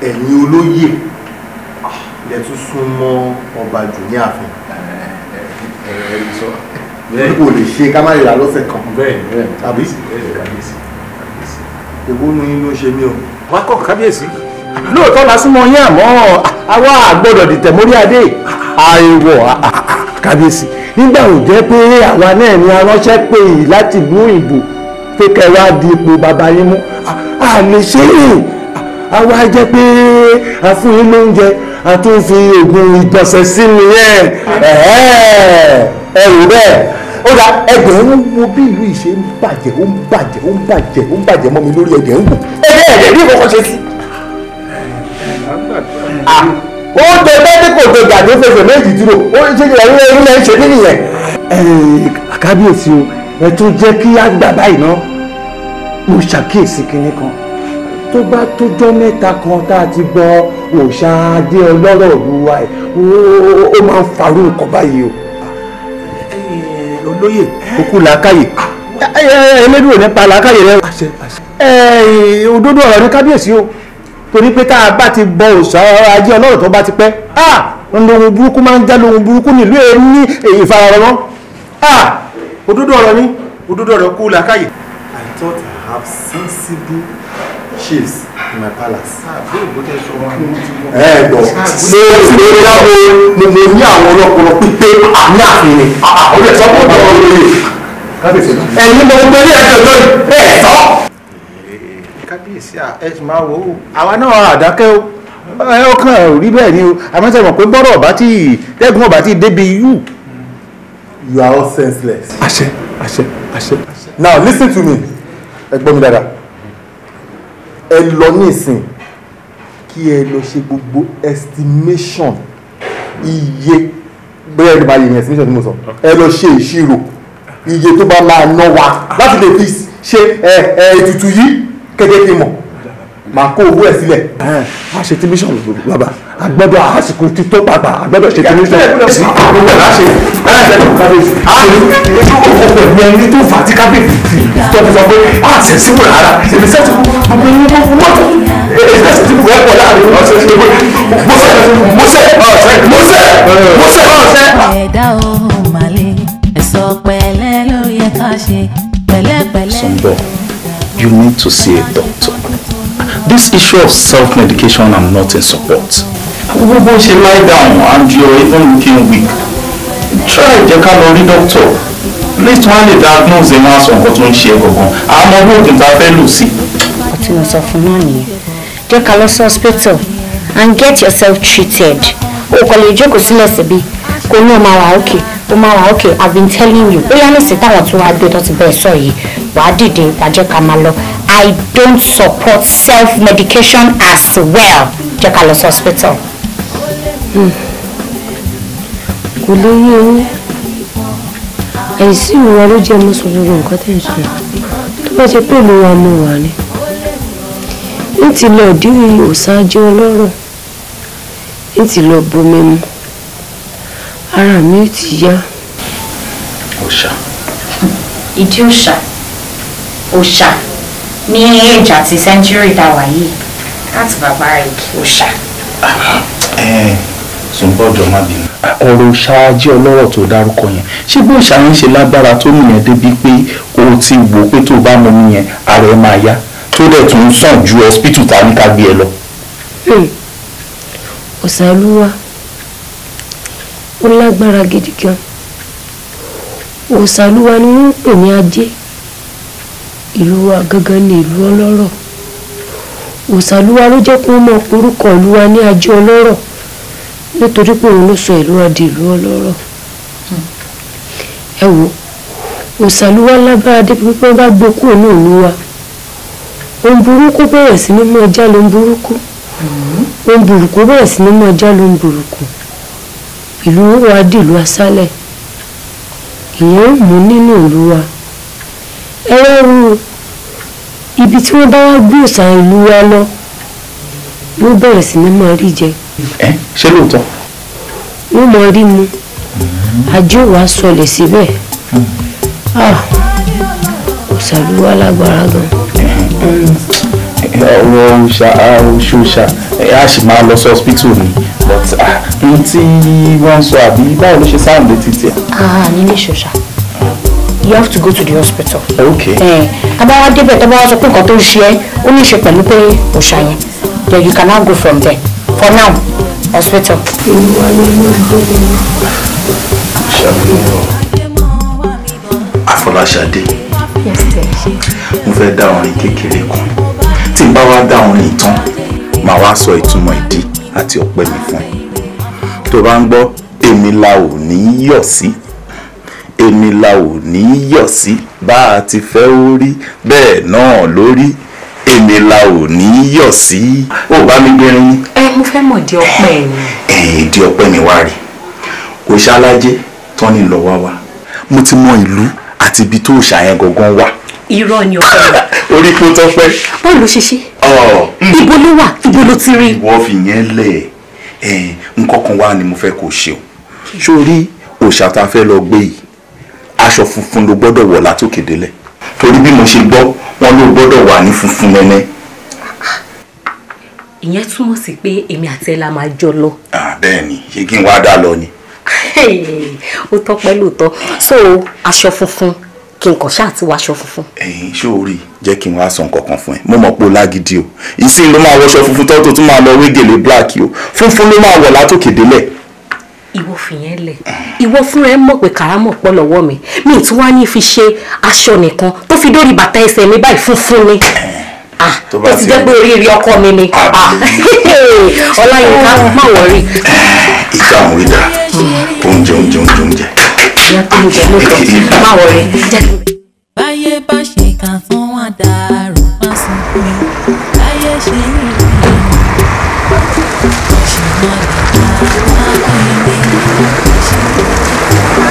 ẹ̀yin olóyè lẹ tún súnmọ́ ọba jù ní ààfin. ẹ̀ẹ́dẹ́gbẹ̀sọ kò lè ṣe ká má lè rà lọ́sẹ̀ kan tàbí èwo nu yín ló ṣe mí o. wá kọ́ kábíyèsí. lóòótọ́ la súnmọ́ yín àmọ́ àwa àgbọ̀dọ̀ dìtẹ̀ mórí adé àìwọ̀ kábíyèsí nígbà ò jẹ́ pé àwa náà ni aránṣẹ́ pè yìí láti mú ìbò pé kẹwàá di ipò bàbá yín mú àmì ṣe é àwa jẹ́ pé a fún yín lóúnjẹ a tún fi oògùn ìgbọ̀nsẹ̀ sí mi yẹn ẹ̀ ẹ̀ ẹ̀ rò bẹ́ẹ̀ ó ra ẹgbẹ̀ ń wo bí ìlú ìṣe ń bàjẹ́ ó ń bàjẹ́ ó ń bàjẹ́ ó ń bàjẹ́ mọ́ mi lórí ẹgbẹ̀ ń wò ẹgbẹ́ ẹ̀rẹ̀ rí ìkọ̀kọ̀ ṣe sí. ó jẹ bẹ́ẹ̀ kò tó gàdé fẹsẹ̀ méjì dúró ó ṣe ìyàwó ẹ̀rú lẹ́ ń ṣe nínú yẹn. kábíyèsí o ẹ tún jẹ́ kí á gbà báyìí ná mo ṣàkíyèsí kinní kan tó bá tójọ́ mẹ́ta kan tá a ti gbọ́ òṣà adé ọlọ́rọ̀ òru wa ẹ̀ ó máa ń farú nǹkan báyìí o olóyè okú làákàyè ah, elédùn nípa làákàyè rẹ òdodo ọ̀rọ̀ ní kábíyèsí o torí pé tá a bá ti bọ òòṣà ajé ọlọ́rọ̀ tó bá ti pẹ́ lóhun ah, burúkú máa ń já lóhun burúkú nílùú ẹ ní ìfarahàn ah, òdodo ọ̀rọ̀ ní òdodo ọ̀rọ̀ kú làákàyè. I thought I have sensible chiefs in my palace. Ah, ẹ gbọ́ ah, ṣé ìwé ìyàwó ni mo ní àwọn ọlọ́pọlọ pípé ní àfihàn àwọn ẹ̀sọ́ kò tọ́ ọ lóye ẹ̀yin mo gbé ní ẹ̀jọ̀ lórí ẹ̀tọ́. Eh, kábíyèsí ah, ẹ ti máa wò ó àwa náà àdákẹ́ o ẹ ọkàn rí bẹ́ẹ̀ ni o àmọ́sẹ̀mọ̀ pé bọ́rọ̀ ọ̀bá tí tẹ́gùn ọ̀bá tí débi yù. you are all senseless. àṣẹ àṣẹ àṣẹ. now listen to me ẹ gbọ́ mi dáadáa ẹ lọ nísìn kí ẹ lọ ṣe gbogbo estimation iye bẹ́ẹ̀ ni bá yẹ estimation tí mo sọ ẹ lọ ṣe ìṣirò iye tó bá máa ná wa láti lè fi ṣe ètùtù yìí kékeré mọ̀ màá kó owó ẹ̀ sílẹ̀. a ṣe estimation bàbá agbọ́dọ̀ àsìkò ti tó pàpà agbọ́dọ̀ ṣe kí ní sọ àwọn ọmọ láṣẹ àárín ojú òkú pẹ̀lú ẹni tó fà tí kábíyèsí ti tọ́jú sọ pé àṣẹ sí rárá èmi sẹ́tù gbogbo ní gbogbo mọ́tò èmi sẹ́tù ti wọ́n pọ̀ láàrin ọ̀sẹ̀ ṣe pé mọ́sẹ̀ mọ́sẹ̀ mọ́sẹ̀ mọ́sẹ̀ mọ́sẹ̀. ẹ̀dá ohun màlẹ́ ẹ̀sọ́ pẹ̀lẹ́ ló yẹ ká ṣe pẹ̀lẹ́pẹ̀lẹ́. you need to see a doctor. This issue of self-medication, I'm not in support àbúrò bó ṣe lie down and you are even looking weak try jẹ́ ká lọ rí doctor least wọ́n lè diagnose ẹ̀ wọ́n á sọ nǹkan tó ń ṣe gbọ̀ngàn àmọ́ bí oògùn ta fẹ́ lò sí. àti mo sọ fún náà nìyẹn jẹ́ ká lọ sí hospital and get yourself treated o kò lè jókòó sílẹ̀ síbí kò ní o máa wà òkè o máa wà òkè I've been telling you bóyá nísìnyí táwọn tó wá gbé tó ti bẹ́ẹ̀ sọ yìí wàá dìde wàá jẹ́ ká máa lọ I don't support self medication as well jẹ́ ká lọ sí hospital kò lè yé yín àìsí ìrora ló jẹ́ mọ́sán gbogbo nǹkan tẹ̀ ń sọ tó bá ṣe pé ìlú wa mo wà ni ní ti lọ dírí òṣáájú ọlọ́rọ̀ ní ti lọ bomi mu ara mi ò ti yá. òòṣà. ìdí òòṣà òòṣà ní ẹ̀jà ti sẹ́ńtúrì tá a láti bàbá rẹ̀ òòṣà. Ṣùnbọ̀ jọ má bínú. ọ̀rọ̀ ṣáájú ọlọ́rọ̀ tó dárúkọ yẹn ṣé bó ṣàyẹn ṣe lágbára tó nìyẹn débi pé o ti wò pé tó bá mọ mi yẹn ara ẹ máa yá tó dẹ̀ tún sàn ju hospital ta ní gbé ẹ lọ. Hmm. Ọ̀sàlúwà ó lágbára gidi gan Ọ̀sàlúwà ni wọ́n ń pè ní ajé ìlú wa gangan ni ìlú ọlọ́rọ̀ Ọ̀sàlúwà ló jẹ́ kó mọ orúkọ ìlú wa ní ajé ọlọ́rọ̀ nítorí pé òun ló sọ ìlú ọdì ìlú ọlọ́rọ̀ ẹ wo òsàlùwà lágbára débi pé wọ́n bá gbé kúrò ní òun wa ohun burúkú bẹ̀rẹ̀ sí ní mú ẹja ló ń burúkú ohun burúkú bẹ̀rẹ̀ sí ní mú ẹja ló ń burúkú ìlú wa dìlú aṣálẹ̀ ìyẹn ń mú nínú ìlú wa ẹ wá rú ibi tí wọ́n bá wá gbé òsà lọ ló bẹ̀rẹ̀ sí ní máa rí ẹ ṣé lóòótọ́. mo mọ rí mu àjọ wa sọlẹ̀ síbẹ̀ ah, ọ̀sàlùwà lágbára gan. ọ̀rọ̀ òòṣà òṣòṣà a sì máa lọ sí hospital ni but ohun tí wọ́n sọ àbí báwo ló ṣe sáàmù létí tí. nílé ṣòṣà you have to go to the hospital. okay. tabawa débẹ̀ tabawa sọ pé nǹkan tó ń ṣe ẹ́ ó ní í ṣe pẹ̀lú pé òòṣà yẹn then you can now go from there. For now, hospital. Afọláṣadé. Mo fẹ́ dá orin kékeré kan. Tí n bá wá dá orin ìtàn, màá wá sọ ìtumọ̀ ìdí àti ọpẹ́ mi fún ẹ. Tó bá ń gbọ́, èmi la ò ní yọ̀ sí. Èmi la ò ní yọ̀ sí. Bá a ti fẹ́ ó rí, bẹ́ẹ̀ náà lórí. Èmi la ò ní yọ̀ sí. Ó bá mi gbẹrin yín mo fẹ́ mọ̀ di ọpẹ́ mi. ẹ̀yìn di ọpẹ́ mi wá rí òṣà alájẹ tán ni lọ wá wá mo ti mọ ìlú àti ibi tó òṣà yẹn gangan wà. irọ́ ni ọpẹ́ mi. orí kó tó pẹ́. bọ́ọ̀lù ṣíṣe. ibo ló wà ibo ló ti rí. ìwọ fìyẹn lẹ̀ nǹkan kan wá ni mo fẹ́ kó ṣe o sórí òṣà tá a fẹ́ lọ gbé yìí aṣọ funfun ló gbọ́dọ̀ wọ̀ látòkè délẹ̀ torí bí mo ṣe gbọ́ wọn ló gbọ́dọ̀ wà ní funfun nẹ́nẹ́ ìyẹn túmọ̀ sí pé èmi àti ẹ la máa jọ lọ. bẹ́ẹ̀ ni ṣé kí wá dá lọ ni. ó tọ́pẹ́ lóòótọ́ so aṣọ funfun kí n kàn ṣáà ti wá aṣọ funfun. ẹyin ṣé o kí n wá sọ nǹkan kan fún ẹ mo mọ̀ pé o lágídí o ìsìn ló máa wọṣọ funfun tó tó tún máa lọ wégele black o funfun ló máa wọ̀ látòkè délẹ̀. ìwọ fìyẹn lẹ ìwọ fúnra ẹ mọ̀ pé kàrámọ̀ pọ̀ lọ́wọ́ mi mi tún wá ní fi ṣe aṣọ nìkan tó fi dórí bàtà ẹsẹ̀ mi báyìí funfun ni. Ah, tó bá ti jẹ́ pé oríire ọkọ mi ni ah. Ah. ọláyínká má wọrí. ìgbà àwọn ìdá oúnjẹ oúnjẹ oúnjẹ oúnjẹ. báyé bá ṣe kà fún wa dàrú má sùn pé báyé ṣe ń rìn ṣùgbọ́n ìgbà wà pé ní ìṣẹ́.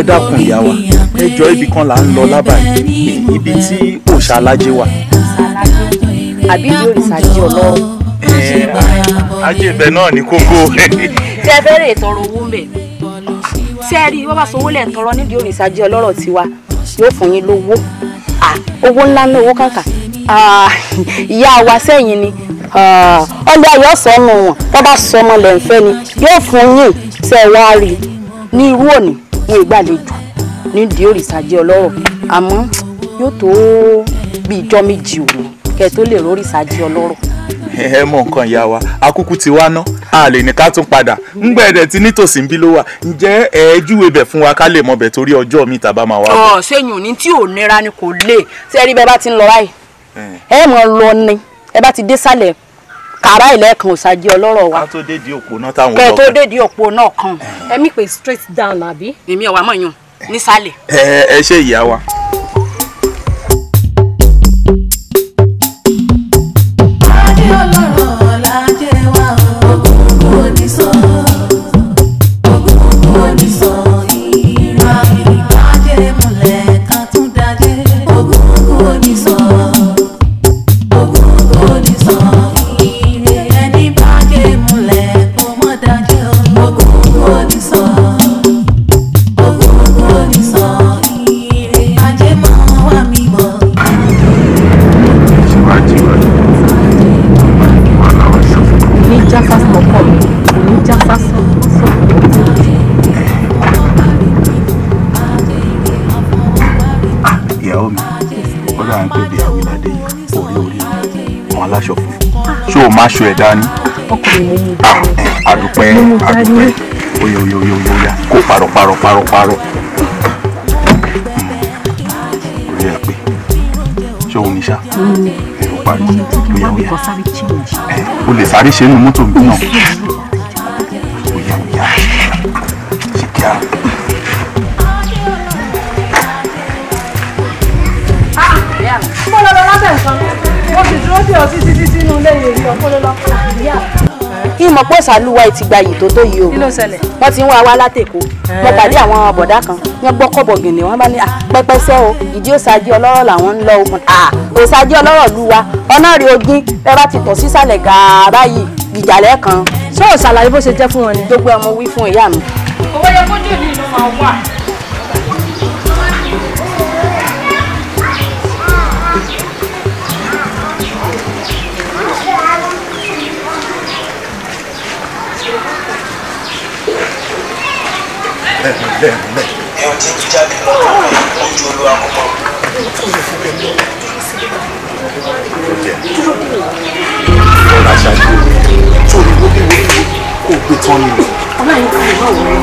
ẹ dákun ìyá wa ẹ ibì kan là ń lọ lábàá ibi tí òòṣà alájẹ wà. àbí bí òrìṣà jẹ́ ọlọ́run. Eh, ajé ibẹ̀ náà ní kókó. tí ẹ fẹ́ rè tọrọ owó mẹ́ tí ẹ rí i wọ́n bá sanwó lẹ̀ tọrọ nídìí òrìṣà jẹ́ ọlọ́rọ̀ tiwa yóò fún yín lówó owó ńlá ńlá owó kàkà ìyá wa sẹ́yìn ni ọlọ́ ayọ̀ sọ́nù wọn tó bá sọmọ lẹ́ǹfẹ́ ni yóò fún yín tẹ̀ wá rí ní irú òní ní ìgbàlejò nídìí òrìṣàjẹ́ ọlọ́rọ̀ àmọ́ yóò tó bí ìjọ méjì òru kẹ tó lè rórìṣàjẹ́ ọlọ́rọ̀. ẹ mọ nǹkan ìyá wa akúkú ti wá ná a lè ní ká tún padà ńgbà ẹ̀dẹ̀ tí nítòsí ń bí ló wà ǹjẹ́ ẹ júwe bẹ̀ fún wa ká lè mọ̀ bẹ̀ torí ọjọ́ mi tàbá máa wá. ọ sẹ́yìn òní tí ò nira ni kò lè ṣe é rí bẹ́ẹ̀ bá ti ń lọ báyìí ẹ mọ̀ lọ ni ẹ bá ti dé sálẹ̀ kàrá ìlẹ́kan òsàjì ọlọ́rọ̀ wa. ká tó dé di òpó náà táwọn lọ kan. dé di òpó náà kan. ẹ̀mí pé straight down àbí. èmi ọ̀wà mọ̀ yàn nísàlẹ̀. ẹ ẹ ṣe ìyá wa. má ṣo ẹ̀ dání. ọkùnrin mi mú dání. àdúpẹ́ àdúpẹ́ oye oye oye oye oya kó parọ́ parọ́ parọ́ parọ́. Hmm. orí ẹ pé ṣé òun ní sá. ẹ ò parí oya oya ẹ o lè sáré ṣe é nu mọ́tò mi náà. oya oya ṣe kí a. Ah, yeah. Mo lọ lọ lábẹ́ nǹkan. Mo sì dúró sí ọ títí nínú ilé yìí lọ kó ló lọ pa ìyá kí n mọ̀ pé sàlúwa ti gba iyì tó tó yìí o wọ́n ti ń wá wá látẹ̀kọ́ wọ́n pàdé àwọn bọ̀dá kan wọ́n gbọ́ kọ́bọ̀ gìnì wọ́n bá ní pẹ́pẹ́sẹ́ o ìdí òsàjẹ́ ọlọ́rọ̀ làwọn ń lọ okùn òsàjẹ́ ọlọ́rọ̀ lu wa ọ̀nà rí ogín ẹ bá ti tọ̀ sísàlẹ̀ gàárà yìí ìjàlẹ̀ kan. sọ́ọ̀ ṣàlàyé bó ṣe jẹ́ fún wọn ni. gbogbo ọmọ wí fún ìyá mi. òwe yẹ kó jù ní ìlú máa wà. lẹ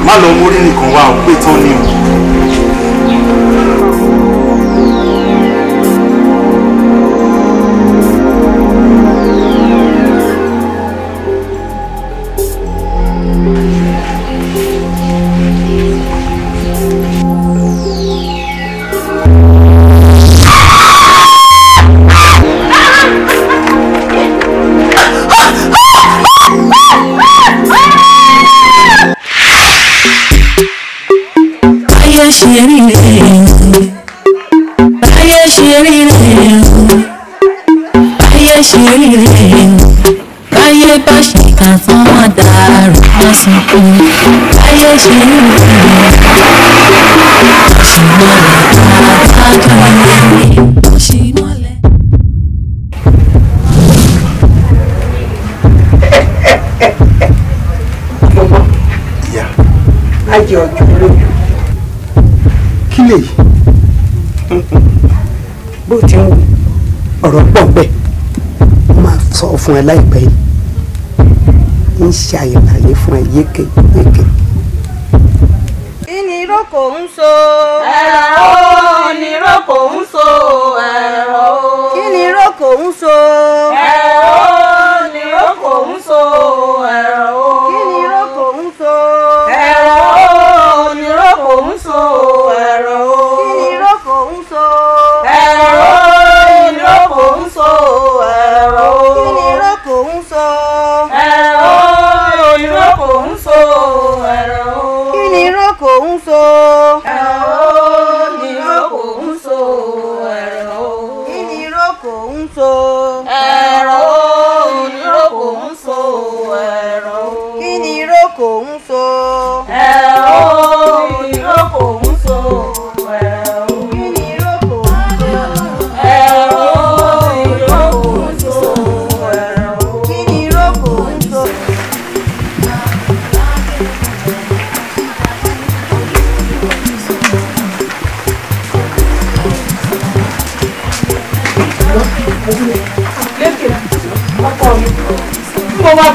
má lọ mórí nìkan wá o gbé tán ni o. báyé ṣe rí rèé báyé ṣe rí rèé báyé ṣe rí rèé báyé bá ṣe kà tán wọn dàrú wọn sunkún báyé ṣe rí rèé ṣùgbọ́n bàbá dùn mí. Adiós lè bó ti ń ọ̀rọ̀ pọ̀ bẹ́ẹ̀ máa sọ fún ẹ láìpẹ́ yìí ń ṣàyẹ̀wò fún ẹ yékéyéké. kí ni iroko ń sọ.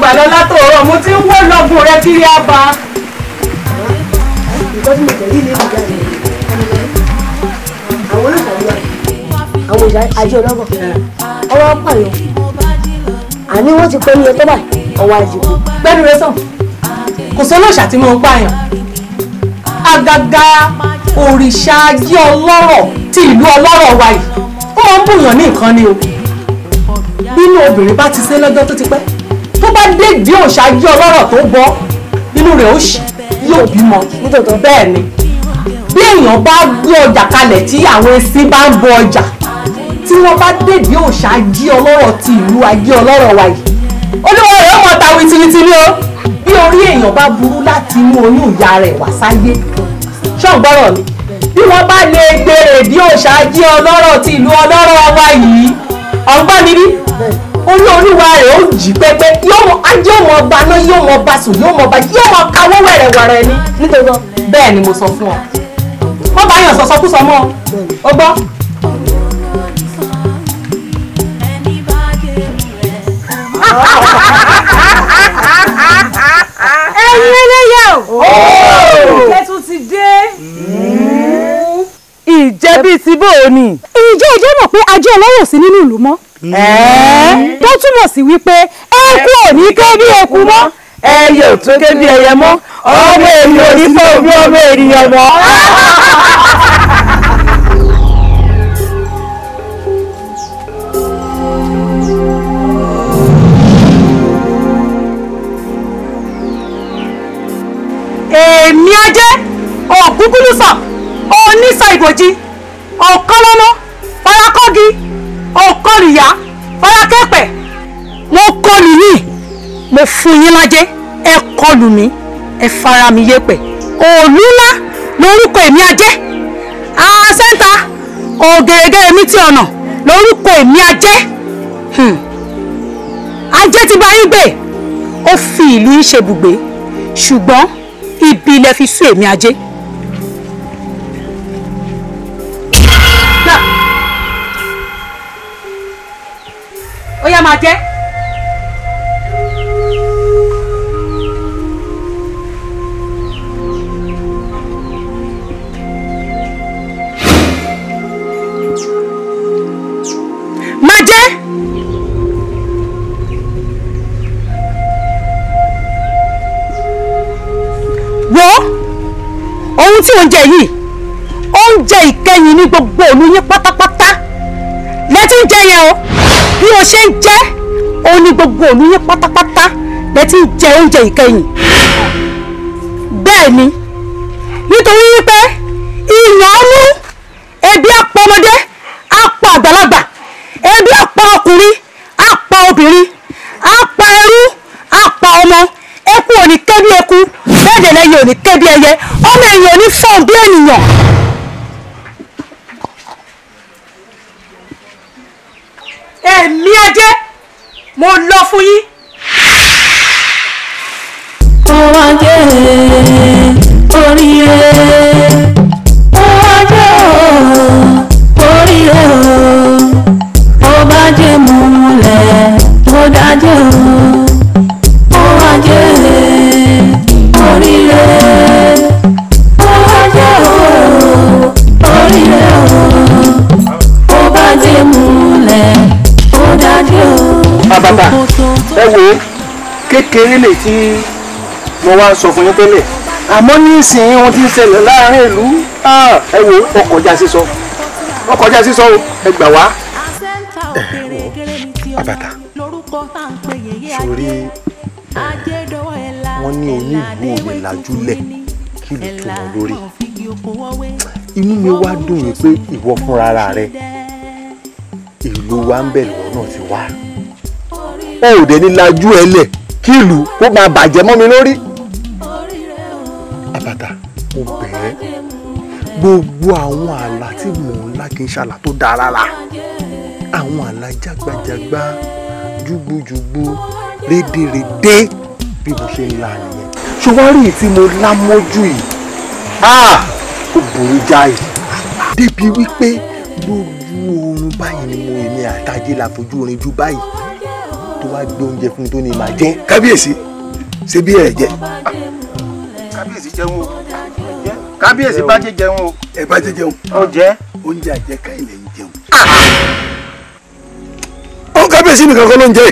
gbà lọ látòrọ mo ti ń wó lọ́gùn rẹ kiri àbá. àwọn àwọn ajé ọlọ́gbọ̀n ọwọ́ pààyàn àní wọ́n ti pẹ́ ní ẹtọ́ báyìí ọwọ́ àjèkú. gbẹ́nu rẹ sàn kò sí olóòṣà tí mo ń pààyàn àgàgà òrìṣà ajé ọlọ́rọ̀ ti ìlú ọlọ́rọ̀ wa yìí ó máa ń bùyàn ní nǹkan ni o inú obìnrin bá ti ṣe lọ́jọ́ tó ti pẹ́ tó bá dé ìdí òòṣà yí ọlọ́rọ̀ tó bọ́ inú rẹ̀ ó ṣì yóò bímọ bẹ́ẹ̀ ni bí èèyàn bá gbé ọjà kalẹ̀ tí àwọn ẹṣin bá ń bọ ọjà tí wọ́n bá dèdè òòṣà jí ọlọ́rọ̀ ti ìlú ajé ọlọ́rọ̀ wa yìí olúwa rẹ̀ mọ̀ ta wìtìwìtì ni o bí orí èèyàn bá burú láti inú oyún ìyá rẹ̀ wá sáyé ṣọ̀gbọ́rọ̀ mi bí wọ́n bá lè gbé èdè òòṣà jí ọlọ́rọ̀ ti ìlú ọlọ́rọ̀ wa yìí ọ̀gbọ́n mi rí olóríwá rẹ̀ ó jí pẹ́pẹ́ ajé ò mọ ọba náà yóò mọ ọba sùn yóò mọ ọba yóò mọ kawó wẹ̀rẹ̀ wàrẹ̀ ni nítorí bẹ́ẹ̀ ni mo sọ fún ọ wọ́n bá yàn sọ̀sọ́ kú sọ mọ́ ọ gbọ́. ẹ̀yin ẹlẹ́yà o ìjẹ́tún oh! ti dé. Mm-hmm. ìjẹ́bí ti bò ó ni. ìjẹ́ ìjẹ́ mọ̀ pé ajé ọlọ́wọ́ sí nínú ìlú mọ́ tó túmọ̀ sí wípé ẹ̀kú ò ní ké bí eku mọ́ ẹyẹ ò tún ké bí ẹyẹ mọ́ ọmọ ènìyàn ò ní fẹ́ òbí ọmọ ènìyàn mọ́. èmi ajé ògúngúlùsọ onísọ ìbòjì ọ̀kọ́lọ́mọ farakọ́gi O kórìíyá ọlá kẹpẹ mo kọlù yín mo fún yín lájẹ ẹ kọlù mí ẹ fara mi yẹ̀pẹ̀ òòlù ńlá lórúkọ èmi ajẹ àṣẹńtà ògèrègè èmi ti ọ̀nà lórúkọ èmi ajẹ hmm. ajẹ ti bá yín gbé ó fi ìlú yín ṣebùgbé ṣùgbọ́n ibi ilẹ̀ fi sún èmi ajé. ó yá máa jẹ́. oúnjẹ yìí oúnjẹ ìkẹyìn ní gbogbo òlu yín pátápátá lẹ́tí ń jẹ yẹn o bí o ṣe ń jẹ́ òun ni gbogbo òun yín pátápátá lẹ ti ń jẹ oúnjẹ ìkẹyìn bẹ́ẹ̀ ni nítorí wípé ìyàn ọmú ebi apọmọdé wá ń sọ fún yín tẹ́lẹ̀ àmọ́ ní ìsìn ohun tí ń ṣẹlẹ̀ láàrin ìlú ah, ẹ wo ọkọjá sísọ ọkọjá sísọ ẹ gbà wá. ẹ wọ abata sórí wọn ní inú ìlú òní lajúlẹ̀ kí ló tún wọn lórí inú mi wá dùn mí pé ìwọ fúnra rẹ ìlú wa ń bẹ̀ lọ́wọ́ náà ti wá ó ò dé ní lajú ẹ lẹ̀ kí ìlú kó máa bàjẹ́ mọ́ mi lórí. gbogbo àwọn àlá tí mò ń lá kì í ṣàlá tó dáa rárá àwọn àlá jágbajàgba júgbójúgbó rédèrèdè bí mo ṣe ń la nìyẹn ṣùgbọ́n rí tí mo lá mọ́jú yìí ah! ó burú jáì débi wípé gbogbo oorun báyìí ni mo èmi àtàjẹ la fojú orin jù báyìí tó wá gbé oúnjẹ fún mi tó ní màá jẹ kábíyèsí ṣe bí ẹ jẹ. kábíyèsí bá jẹ jẹun o. ẹ bá jẹ jẹun. ó jẹ. oúnjẹ àjẹká ilẹ̀ ń jẹun. Ah! ó kábíyèsí nìkan kọ́ ló ń jẹ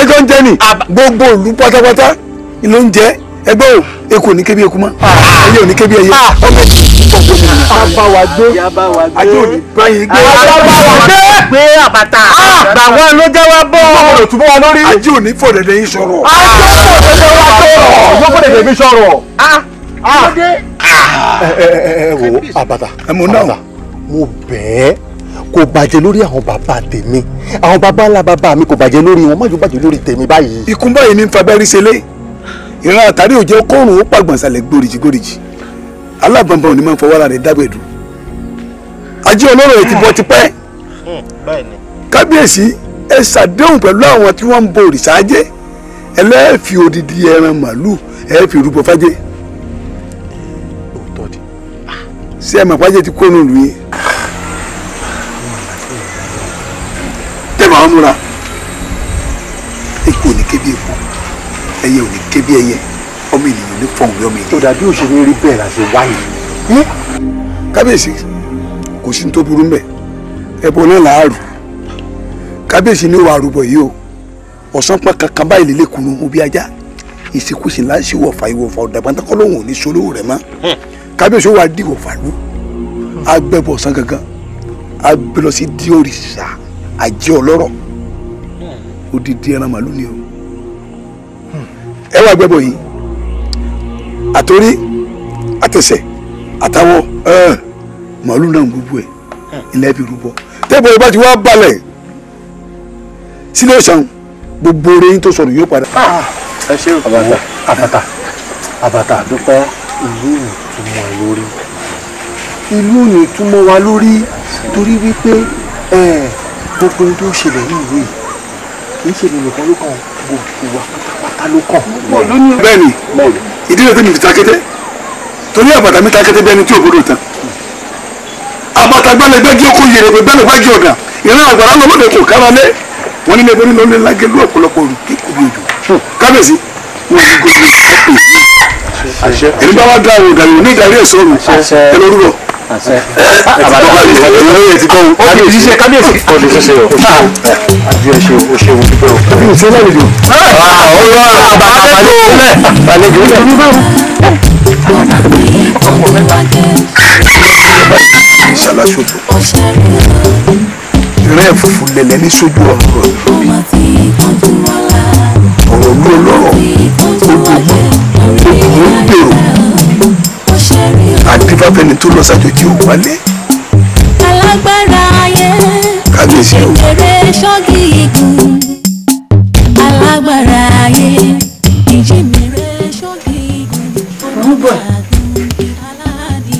ẹjọ́ ń jẹ ni ah! gbogbo ìlú pátápátá ló ń jẹ ẹgbẹ́ o eku ò ní kébi eku mọ́ ah! ẹyẹ ò ní kébi ẹyẹ ọmọ ìlú abawagbé ajé òní báyìí gbé abawagbé gbé àbàtà àgbà wọn ló jẹ́ wá bọ́ ọmọdé túbọ̀ wa lórí ajé òní fọ̀dẹ̀dẹ̀ yín sọ̀rọ̀ ajé òní fọ̀dẹ̀dẹ̀ wa sọ̀rọ̀ ọjọ́ fọ̀dẹ̀dẹ̀ mi sọ̀rọ̀. Ah! ẹ ẹ wo àbàtà àbàtà mo bẹ̀ẹ́ kò bàjẹ́ lórí àwọn bàbá tèmi àwọn bàbá ńlá bàbá mi kò bàjẹ́ lórí wọn má jù bàjẹ́ lórí tèmi báyìí. ikú o ní fabẹ́rí ṣe lé ìran àtàrí òjò kóòrùn ó pàgbọ̀nsalẹ̀ gbòrìjì gbòrìjì alábànbọ̀n ni máa ń fọwọ́ra rẹ̀ dágbẹ̀dù ajé ọlọ́rọ̀ ètí bọ́ tipẹ́ hmm, kábíyèsí ẹ ṣàdéhùn pẹ̀lú àwọn tí wọ́n ń bo òrìṣà ajé ẹlẹ́ẹ̀fì odidi ẹran màálù ẹ̀ẹ́fì rúbọ fájé ṣé ẹ mọ̀ pàjẹ́ ti kó nùlù yìí. tẹ́lẹ̀ àwọn múra ikú ò ní kébi ikú ẹyẹ ò ní kébi ẹyẹ ọmọ ènìyàn ò ní fọ̀hún bí ọmọ ènìyàn. tó dàbí òṣèré rí bẹ́ẹ̀ la ṣe wáyé. Hm? kábíyèsí kò sí tó burú mbẹ ẹbọ náà là á rù kábíyèsí ni wàá rúbọ yìí o ọ̀sán pọn kankan báyìí lè kunu obi ajá ìsìnkú sì láṣìwọ̀ fà ìwọ̀fà ọ̀dàgbọ́n tó kọ́ lóhùn ò ní solówó rẹ̀ mọ́. Hm kábíyèsí ó wá dìgbò fàlú agbẹ́bọ̀sán gangan agbẹ́lọ́sí di òrìṣà àjẹ́ ọlọ́rọ̀ odidi ẹran màlúù ni o ẹ wá gbẹ́bọ̀ yìí àtòrí àtẹsẹ̀ àtàwọ̀ màlúù náà gbogbo ẹ̀ ilẹ̀ fi rúbọ tẹ́bọ̀ ìbá ti wá balẹ̀ sílé ìṣàn gbogbo orin tó sọ̀rọ̀ yóò padà. Ah, ẹ ṣe àbàtà àbàtà àbàtà àdúpẹ́ ìlú ìlú túmọ̀ ẹ lórí. ìlú ò ní túmọ̀ wa lórí torí wípé gbogbo ohun tó ṣẹlẹ̀ ní ìlú yìí kì í ṣe ìlú nìkan ló kàn gbogbo wa pátápátá ló kàn. bẹ́ẹ̀ ni ìdílé tèmi fi takété torí àbàtà mi takété bẹ́ẹ̀ ni tí òbodò tán àbàtà gbẹ́lẹ́gbẹ́ jí okó yèrè pé bẹ́ẹ̀ ló bá jí ọ̀gá ìran àgbàrá lọ́mọdé kò kára lé wọn nílé bẹ́ẹ̀ ni lọ́lẹ́ lágẹ́lú ọ̀pọ̀lọpọ̀ òrùn kíkù bí kábíyèsí wọn ní gbogbo ọ̀pọ̀ yìí èmi bá wá dá àwọn gàrí ní gàrí èso òru ẹ lórí rọ. kábíyèsí kábíyèsí kọ́ ni ṣẹṣẹ o. kábíyèsí o ṣe wo pípẹ́ o. kábíyèsí lálejò. ọ̀rọ̀ àbá àlejò lẹ̀. àlejò lẹ̀. ṣàlàṣojú rẹ fufu lẹlẹ ní sójú ọ̀rọ̀ ọ̀rọ̀ wúlò lọ́rọ̀ ó dùn mọ́ òkùnkùn ń gbèrò àdìbàbẹni tó lọ sàjòjì ò wálé. alágbára ayé kábíyèsí o. kékeré ṣọ́ọ̀gì igun alágbára ayé ìjímèrè ṣọ́ọ̀gì igun ọmọ àgùn aládì.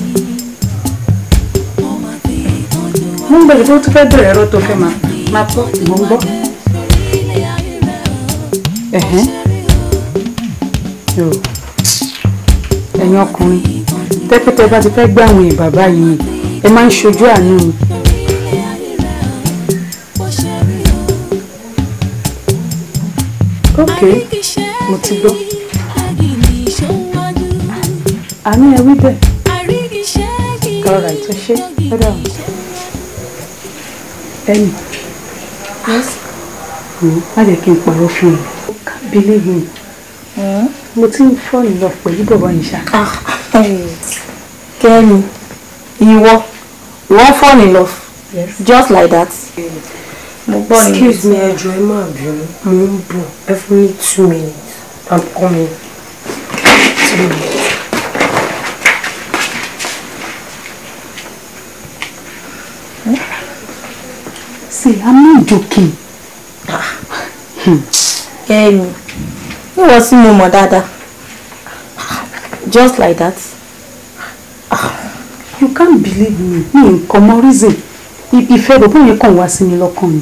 mo ń bẹ̀rẹ̀ tó tún fẹ́ bẹ̀rẹ̀ ẹ̀rọ tó fẹ́ máa máa pọ̀ mo ń gbọ́. Yo ẹ̀yin ọkùnrin tẹ́pẹ́tẹ́ bá ti fẹ́ gbé àwọn èèyàn bàbá yìí ẹ máa ń ṣojú àánú mi. ok mo ti gbọ́ àánú ẹ wí bẹ́ẹ̀ kọ́ra ìtúnṣe lọ́dọ̀ ẹnì má jẹ́ kí n pààrọ̀ fún ẹ ká bílẹ̀ mo ti ń fọ́ọ̀nù lọ pẹ̀lú bọ̀bọ̀ yìí ṣá. Ah, kẹ́mi ìwọ ìwọ fọ́ọ̀nù lọ just like that. mo gbọ́ ni. excuse me ẹjọ́ ẹ máa bínú mo ń bọ̀ ẹ two minutes i'm coming two See, I'm not joking. Ah. Hmm. Kẹ́mi níwọ̀n was mo mọ̀ dáadáa just like that. you can't believe me mi nǹkan mọ reason if rògbò yẹn kàn wá sí mi lọ́kàn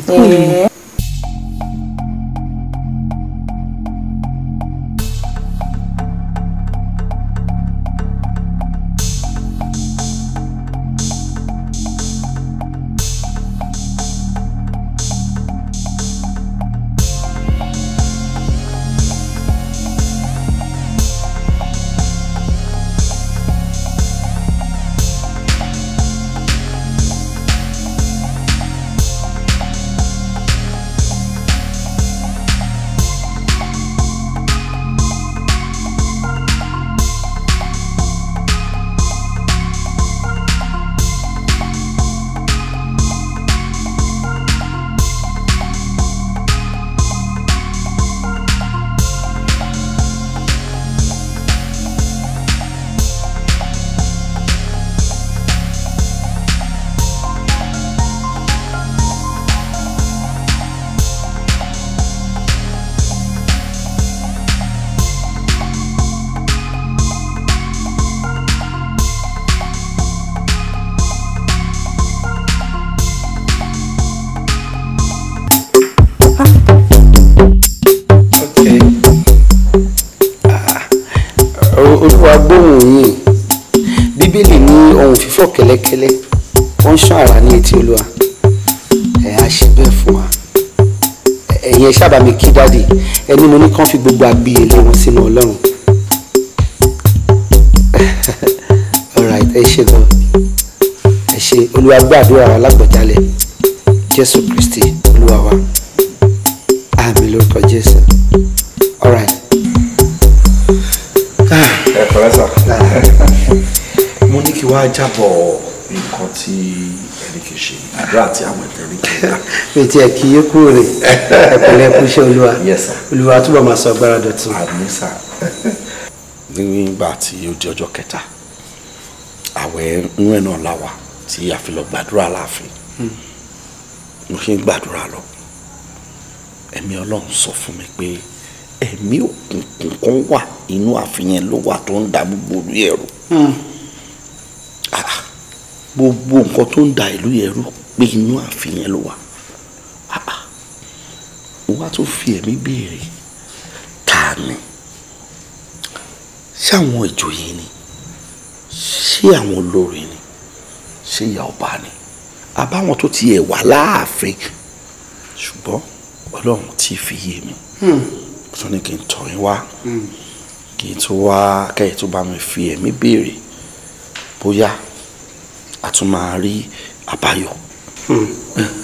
fò kẹ́lẹ́kẹ́lẹ́ wọ́n ń ṣàn àrà ní etí olúwa ẹ̀ á ṣe bẹ́ẹ̀ fún wa ẹ̀yin ẹ sábà mi kí dáàdì ẹni mo ní kàn fi gbogbo àgbìyèlé wọn sínú ọlọ́run alright ẹ ṣe gan ẹ ṣe olúwa gbàdúrà wa lágbọ̀jálẹ̀ jésù kristi olúwa wa àmì lórúkọ jésù. wá jábọ̀ nǹkan tí ẹni kì í ṣe àdúrà àti àwọn ẹ̀tẹ̀ ní kẹta. mi ti ẹ̀ kí yé kúrò rè ẹ̀pẹ̀lẹ̀ kú iṣẹ́ olúwa olúwa túbọ̀ máa sọ agbára dọ̀tun. àmín sà. nígbà tí ó di ọjọ́ kẹta àwẹ̀ ń rẹ̀ náà láwa tí a fi lọ gbàdúrà láàfin mo ṣe ń gbàdúrà lọ ẹ̀mí ọlọ́run sọ fún mi pé ẹ̀mí òkùnkùn kan wà inú àfihàn ló wà tó ń da gbogbo orí ẹ̀rù. Mm. Ah, gbogbo nǹkan tó ń da ìlú yẹn rú pé inú ààfin yẹn ló wà ah, ah. wá tó fi ẹ̀mí béèrè ta ni ṣé àwọn ìjòyè ni ṣé àwọn olórí ni ṣé ìyá ọba ni àbáwọn tó ti ẹ̀ wà láàfin ṣùgbọ́n ọlọ́run ti fi yé mi hmm. tó ní kí n tọ̀ yín wá hmm. kí n tó wá kẹ́yìn tó bá mi fi ẹ̀mí béèrè bóyá a tún máa rí àbáyọ. Hmm.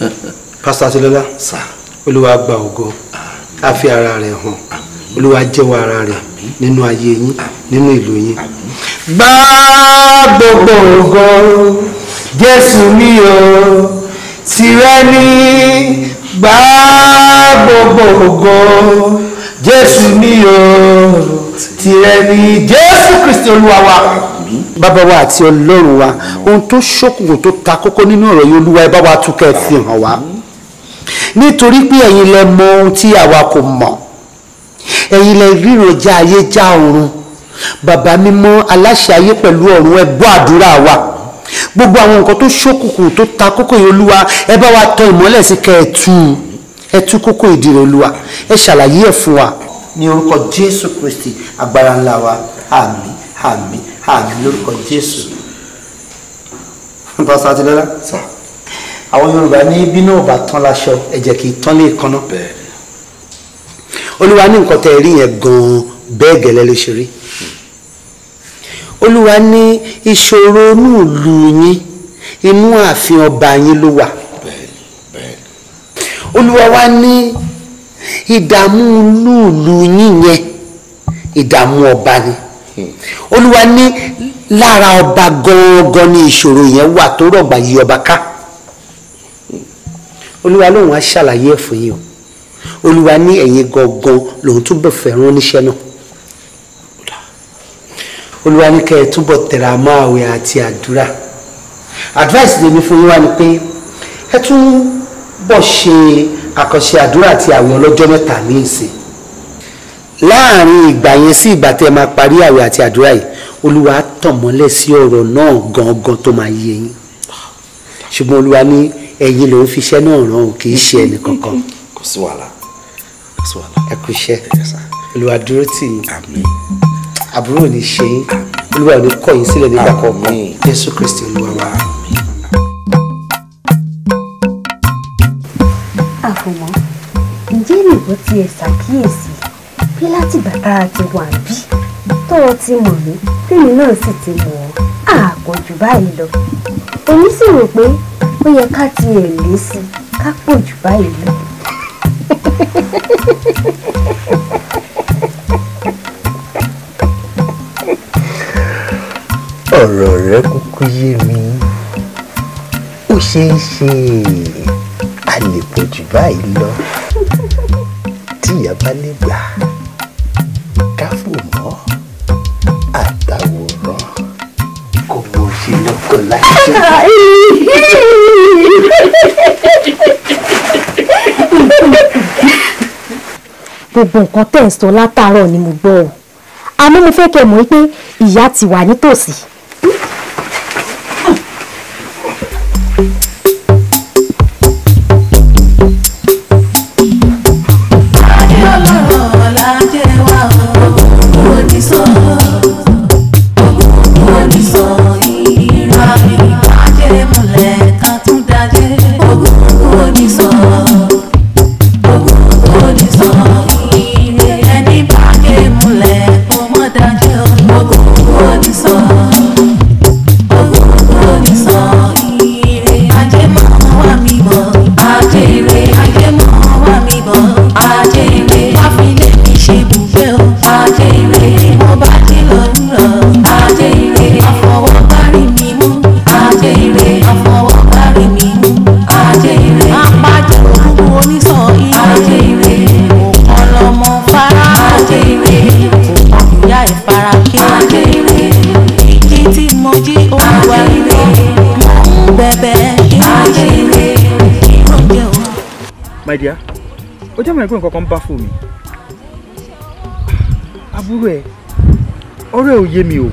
pásítọ̀ àtìlọ́lá olúwa gba ògo a fi ara rẹ̀ hàn olúwa jẹ́wọ́ ara rẹ̀ nínú ayé yín nínú ìlú yín. gba gbogbo ògo jésù mi o tìrẹ ni gba gbogbo ògo jésù mi o tìrẹ ni jésù kristi olúwa wa àbí. bàbá wa àti ọlọ́run wa ohun tó ṣókùnkùn tó ta kókó nínú ọ̀rọ̀ yìí olúwa ẹ bá wa tún kẹ́ ẹ fi hàn wá nítorí pé ẹ̀yin lẹ mọ ohun tí àwa kò mọ̀ ẹ̀yin lẹ ríran já ayé já ọ̀run bàbá mímọ́ aláṣẹ ayé pẹ̀lú ọ̀run ẹ gbọ́ àdúrà wa gbogbo àwọn nǹkan tó ṣókùnkùn tó ta kókó yìí olúwa ẹ bá wa tọ ìmọ́lẹ̀ sí kẹ́ ẹ tú ẹ tú kókó ìdí rẹ̀ olúwa ẹ ṣàlàyé ẹ̀ fún wa ní orúkọ jésù kristi agbára ńlá wa àmín àmín àmì ah, lórúkọ jésù nípa sátidọ́lá àwọn yorùbá ní bínú ọba tán láṣọ ẹ̀jẹ̀ kì í tán lé ìkànnà olúwa ní nǹkan tẹ́ rí yẹn gan-an bẹ́ẹ̀ gẹ́lẹ́ ló ṣe rí olúwa ní ìṣòro inú ìlú yín inú ààfin ọba yín ló wà olúwa wá ní ìdààmú inú ìlú yín yẹn ìdààmú ọba ni hmm. olúwa ní lára ọba gangan ni ìṣòro yẹn wà tó rọ̀gbà yí ọba ká olúwa lòun á ṣàlàyé ẹ̀ fún yín o olúwa ní ẹ̀yin gangan lòun túbọ̀ fẹ́ràn oníṣẹ́ náà olúwa ní kẹ́ ẹ túbọ̀ tẹ̀ra mọ́ àti àdúrà advice lèmi fún yín wá ni pé ẹ tún bọ̀ ṣe àkànṣe àdúrà àti àwẹ̀ ọlọ́jọ́ mẹ́ta ní ìsìn láàrin ìgbà yẹn sí ìgbà tẹ́ ẹ máa parí àwẹ̀ àti àdúrà yìí olúwa tọ̀mọ́lẹ̀ sí ọ̀rọ̀ náà gangan tó máa yé yín ṣùgbọ́n olúwa ní ẹ̀yin lòún fi iṣẹ́ náà ràn ọ́ kì í ṣe ẹnì kankan. kò sí wàhálà kò sí wàhálà. ẹ kú iṣẹ́ olúwa dúró tì yín àmín àbúrò ní ṣe yín olúwa ò ní kọ̀ yín sílẹ̀ nígbà kọ̀ọ̀kan jésù kristi olúwa wa. àfòmọ́ ǹjẹ́ ìrìbó tiẹ̀ ṣàkíyèsí pé látìgbà tá a ti wà bí tó o ti mọ̀ mí tèmi náà sì ti mọ̀ ọ́ àpò jù báyìí lọ èmi sì rò pé ó yẹ ká ti ẹ̀ lé sí ká pò jù báyìí lọ. ọ̀rọ̀ rẹ kúkú yé mi ó ṣeé ṣe a lè pò jù báyìí lọ tí ìyá bá lè gbà á. gbogbo nǹkan tẹ̀ ń sọ látàárọ̀ ni mo gbọ́ ọ àmọ́ mo fẹ́ kẹ́ mọ̀ pé ìyá ti wà nítòsí dear ó jẹ́ mọ̀ pé nǹkan kan bá fún mi àbúrò ẹ̀ ọ̀rẹ́ ò yé mi o.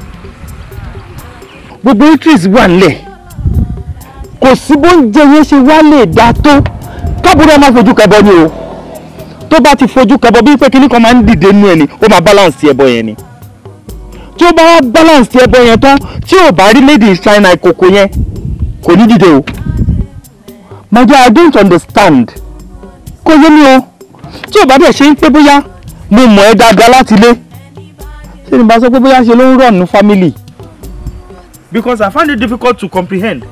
gbogbo interest wà nílẹ̀ kò sí bóúnjẹ yẹn ṣe wá lè dáa tó kábúrò ẹ fojú kẹbọ ni o tó bá ti fojú kẹbọ bí pé kíní kan máa ń dìde nú ẹ ni ó máa balance ẹbọ yẹn ni tí ó bá wá balance ẹbọ yẹn tán tí ò bá rí lady china ìkòkò yẹn kò ní dìde o my dear i don't understand kò yé mi o tí ò bá dẹ̀ ṣe ń pé bóyá mo mọ̀ ẹ́ dáadáa láti ilé ṣé ni bá sọ pé bóyá ṣe ló ń rọ̀nù family. because I find it difficult to comprehend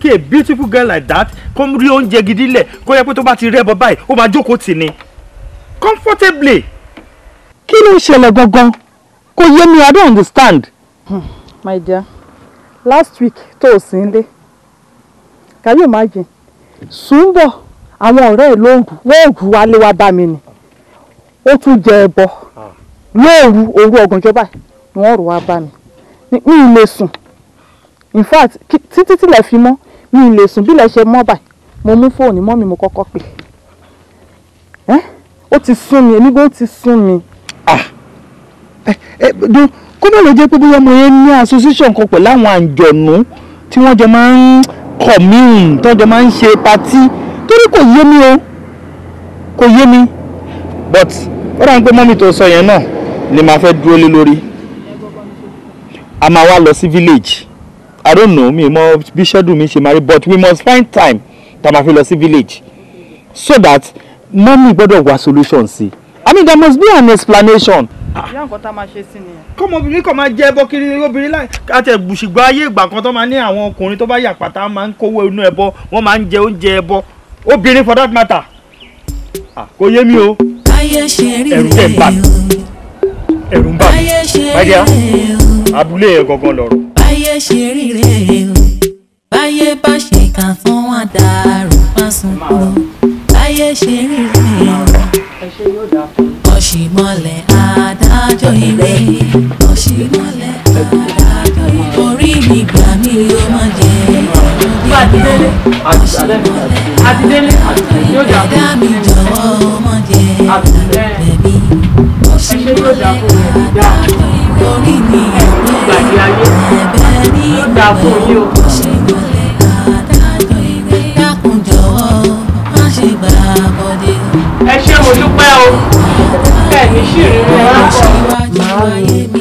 kí a beautiful girl like that come rí oúnjẹ gidi lẹ̀ kó yẹ pé tó bá ti rẹ́ bọ báyìí ó máa jókòó tì ní comfortably. kí ló ń ṣẹlẹ̀ gangan kò yé mi I don't understand. Hmm, my dear last week tó o sì ń lé can you imagine sùn bọ̀ àwọn ọ̀rẹ́ ẹ̀ ló ń bù wọ́n rù wá lé wá bá mi ni ó tún jẹ ẹbọ ah. lóòru òru ọ̀gànjọ́ báyìí ni wọ́n rù wá bá mi mi ì lè sùn in fact títí tílẹ̀ fi mọ́ mi ì lè sùn bí ilẹ̀ ṣe mọ́ báyìí mo mú fóònù mọ́ mi mo kọ́kọ́ pè ẹ́ ó ti sún mi èmi gan ti sún mi. Ah. kó má lè jẹ́ pé bóyá mo yẹn ní association kan pẹ̀lú àwọn àǹjọ̀nú tí wọ́n jọ máa ń kọ̀ míì tó jọ máa ń ṣe patí torí kò yé mi o kò yé mi but ó dà ń pé mọ́mì tó sọ yẹn náà ni màá fẹ́ dúró lé lórí a máa wá lọ sí village i don't know mi mọ bí schedule mi ṣe máa rí but we must find time tá a máa fi lọ sí village so that mọ́mì gbọ́dọ̀ wá solution sí i mean there must be an explanation ah. ìyá nǹkan tá a máa ṣe sí nìyẹn. kọ́mọ obìnrin kan máa jẹ́ ẹbọ kiri obìnrin láì àti ẹ̀gbùsùgbọ́ ayé ìgbà kan tó máa ní àwọn ọkùnrin tó bá yà pátá máa ń kówó inú ẹbọ wọ́n máa ń jẹ oúnjẹ ẹbọ obìnrin for that matter ah, kò yé mi o ẹ̀rù tẹ̀ ń bà mí ẹ̀rù ń bà mí báyà abúlé ẹ̀ gangan lọ̀rọ̀. báyé ṣe rí rèé o báyé bá ṣe kà fún wa dàrú má sunkún báyé ṣe rí rèé o ọ̀ṣìmọ̀lẹ̀ adájọ́ ire ọ̀ṣìmọ̀lẹ̀ adájọ́ ire orí mi gbà mí ó má jẹ́ àtidélé àtidélé yóò dà kú àtidélé ẹṣẹ yóò dà kú rẹ dà gbàgbé ayé yóò dà kú yí o. ẹ ṣé mo dúpẹ́ o bẹ́ẹ̀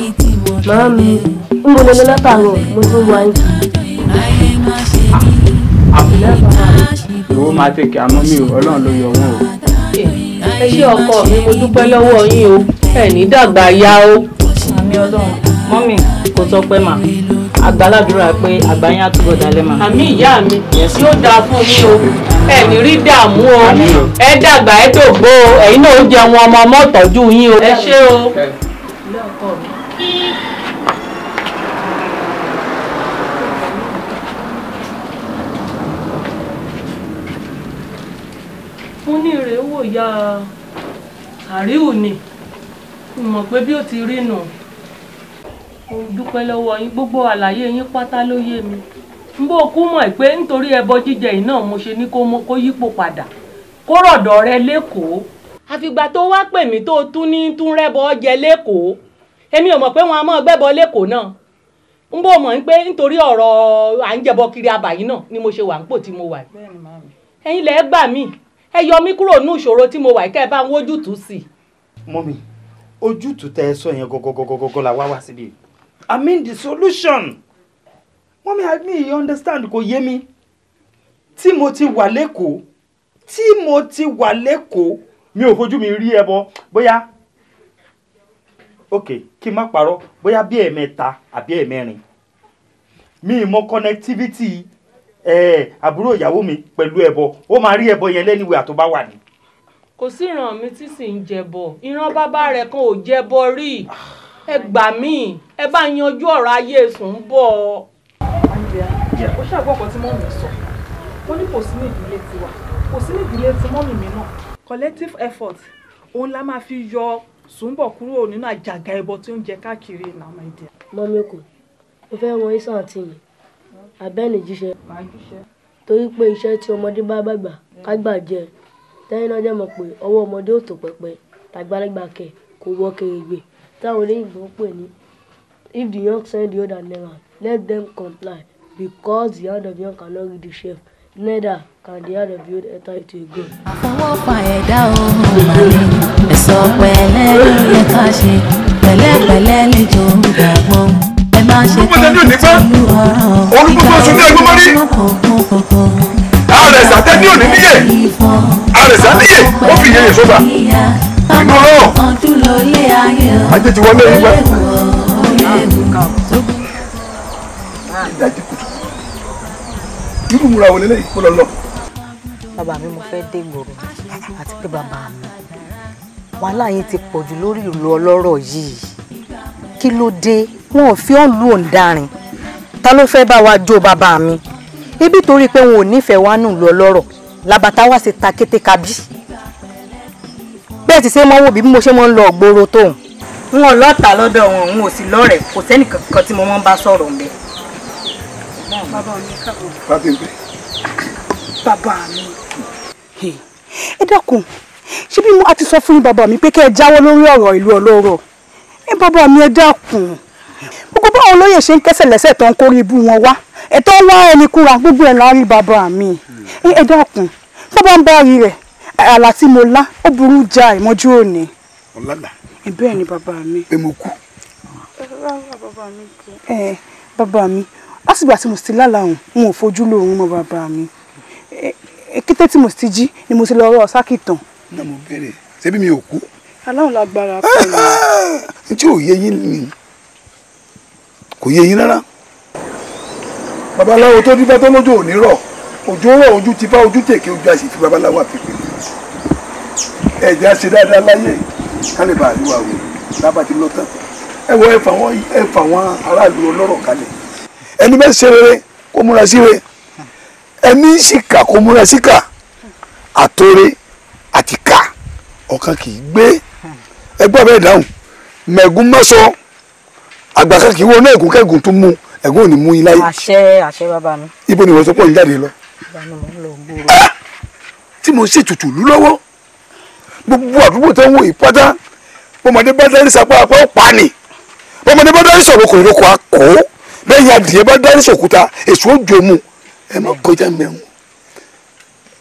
bolo mi látàárọ̀ mo tún wá ń ìwọ máa tẹ kí àmọ́ mi ò ọlọ́run ló yọ wọn o. ẹ ṣé ọkọ mi mo dúpẹ́ lọ́wọ́ yín o ẹ ní dàgbà ya o. àmì ọlọ́run mọ́mì kò tọpẹ́ mà àgbàládùúrà pé àgbáyé àtúbọ̀ dalẹ̀ mà. àmì ìyá mi yóò dáa fún yín o ẹ ní rí dààmú o ẹ dàgbà ẹ dògbò ẹ̀yin náà ó jẹun ọmọ ọmọ tọ́jú yín o. ẹ ṣé o. ní rèé wò ya àríwù ni mọ̀ pé bí ó ti rí nù mo dúpẹ́ lọ́wọ́ yín gbogbo àlàyé yín pátá ló yé mi n bó kú mọ̀ pé nítorí ẹbọ jíjẹ yìí náà mo ṣe ní kó yípo padà kó rọ̀dọ̀ rẹ lẹ́kọ̀ọ́ àfìgbà tó wá pè mí tó tún ní tún rẹ́bọ jẹ lẹ́kọ̀ọ́ èmi ò mọ̀ pé wọn a máa gbẹ́bọ lẹ́kọ̀ọ́ náà n bó mọ̀ pé nítorí ọ̀rọ̀ à ń jẹbọ kiri abàyí náà ni mo ṣe wà ń pò tí mo wà yìí ẹ̀yin lẹ́ẹ̀ gbà mí ẹ yọ mí kúrò nínú ìṣòro tí mo wà kẹ́ ẹ bá ń wójútùú sí. mọ́mí ojútùú tẹ ẹ sọ yẹn gọgọgọgọgọ la wá wá síbi i mean the solution mọ́mí i mean you understand kò yé mi tí mo ti wà lẹ́kọ̀ọ́ tí mo ti wà lẹ́kọ̀ọ́ mi ò fojú mi rí ẹbọ bóyá ok kí n má parọ́ bóyá bí ẹ̀ẹ̀mẹ́ta àbí ẹ̀ẹ̀mẹ́rin mi ì mọ connectivity àbúrò ìyàwó mi pẹ̀lú ẹbọ ó máa rí ẹbọ yẹn lẹ́nu ìwé àtọ́bá wà ní. kò sí ìran mi tí sì ń jẹbọ ìran bàbá rẹ kan ò jẹbọ rí ẹ gbà mí ẹ bá yanjú ọ̀rọ̀ ayé sùn ń bọ̀. àǹdíà ó ṣàgbọ́ ọkọ tí mọ́mì sọ ó ní kò sí ní ìdílé tiwa kò sí ní ìdílé ti mọ́mì mi náà collective effort òun la máa fi yọ sùnbọ̀ kúrò nínú àjàgà ẹbọ tí ó ń jẹ káàkiri ìlànà ìdí. mọ́mí kù mo fẹ́ wọn iṣan àti yìí àbẹ́ẹ̀nì jíṣẹ́ torí pé iṣẹ́ tí ọmọdé bá gbàgbà kágbà jẹ tẹ́yìn náà jẹ́ mọ̀ pé ọwọ́ ọmọdé ò tó pẹpẹ tàgbàlagbà kẹ̀ kò wọ́ kèrègbè táwọn olóyìnbó ń pè ní if the young send the other and never let them comply because the hand of young cannot read the shape neither can the hand of the old enter into a goal. àfọwọ́fà ẹ̀dá ohun màlẹ́ ẹ̀sọ́ pẹ̀lẹ́ ló yẹ ká ṣe pẹ̀lẹ́pẹ̀lẹ́ lè jó gbàgbọ́n olùkọ́sẹ̀ ní òní pẹ́ olùkọ́sẹ̀ oṣù ní ẹgbẹ́ mọ́rí àrẹ̀sà tẹ́ ní òní níyè àrẹ̀sà níyè ó fi yẹyẹ sọ́fà inú ọlọ́rọ̀ ajé ti wọlé yín pẹ́. irú múra wọlé lẹ́yìn kó lọ lọ. bàbá mi mo fẹ́ dé ìgboro àti pé bàbá mi wàhálà yẹn ti pọ̀jù lórí ìlú ọlọ́rọ̀ yìí kí ló dé wọn ò fi òun lu òǹdarin ta ló fẹ́ bá wa jó bàbá mi ibi torí pé wọn ò nífẹ̀ẹ́ wa nù lọ lọ́rọ̀ làbàtà wa ṣe ta kété kabí bẹ́ẹ̀ ti ṣe mọ́ wò bí mo ṣe mọ́ ń lọ gbòòrò tóun. n ò lọ́ta lọ́dọ̀ wọn òun ò sì lọ́rẹ̀ẹ́ kò sẹ́nì tí mo mọ́ ń bá sọ̀rọ̀ mbẹ́. bàbá mi ẹ dákun ṣé bí a ti sọ fún bàbá mi pé kẹ́ ẹ jáwọ́ lórí ọ̀rọ̀ ìlú ọlọ́rọ̀ ẹ bàbá mi ẹ dákun gbogbo báwọn olóyè ṣe ń kẹ́sẹ̀ lẹ́sẹ̀ tó ń kórí ibú wọn wá ẹ̀ tó ń wá ẹni kúra gbogbo ẹ̀ láàárín bàbá mi ẹ dákun tó bá ń bá rí rẹ̀ àlá tí mo lá ó burú já ìmọ́jú òní. ọ̀làlà bẹ́ẹ̀ ni bàbá mi. pé mo kú. ẹ bàbá mi lásìgbà tí mo ti lálàá òun n ò fojú lóorun mọ́ bàbá mi kété tí mo ti jí ni mo ti lọ rọ sákìtàn. náà mo bẹ̀rẹ̀ ṣebí mi n tí ò yé yín ni kò yé yín rárá babaláwo tó dífá tó lójú òní rọ òjò rọ ojú ti fá ojú tèké ojú àṣì fi babaláwo àpèpè ẹ̀jẹ̀ àṣì dáadáa láyé kálíbà àríwá wò lábà ti lọ tán ẹ wọ ẹ fà wọn ẹ fà wọn aráàlú ọlọ́rọ̀ kalẹ̀ ẹni bẹ́ẹ̀ ṣe rere kó múra sí re ẹni ṣìkà kó múra síkà àtòrè àtìkà ọ̀kan kì í gbé ẹgbẹ́ bẹ́ẹ̀ dáhùn mẹ̀gún mọ́sọ àgbà kan kì í wọ náà ègún kẹ́gùn tó mú ẹ̀gún ò ní mú iláyé. àṣẹ àṣẹ bàbá mi. ibo ni wọ́n sọ pé òun jáde lọ. Ah! tí mo ṣètùtù lú lọ́wọ́ gbogbo àdúgbò tó ń wò ìpátá bọ́mọdé bá dárí sapá apá ó pa ni bọ́mọdé bá dárí sọ̀rọ̀ kò lóko akó lẹ́yìn adìyẹ bá dárí sọ̀kúta èso òjò mu ẹ má kọjá mẹ́rin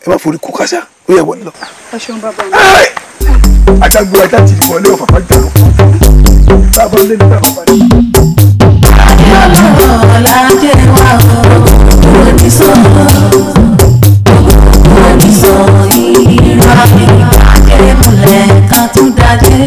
ẹ má forí kú kásá ó yẹ wọlé lọ. ẹ ṣeun bàbá mi. ajagbe ajá ti wọlé o fàfà jà lóko bàbá lé ní bàbá padà. ọlọ́run ọ̀la jẹ́ wá o kò ní sọ kò ní sọ ìrora mi kájẹ́ múlẹ̀ ká tún dájẹ́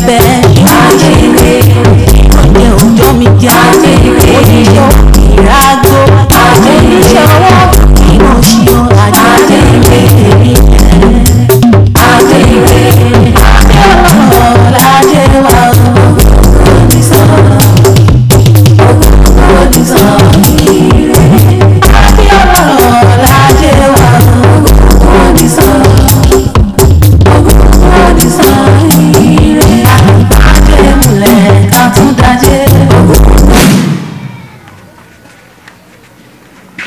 ¡Gracias!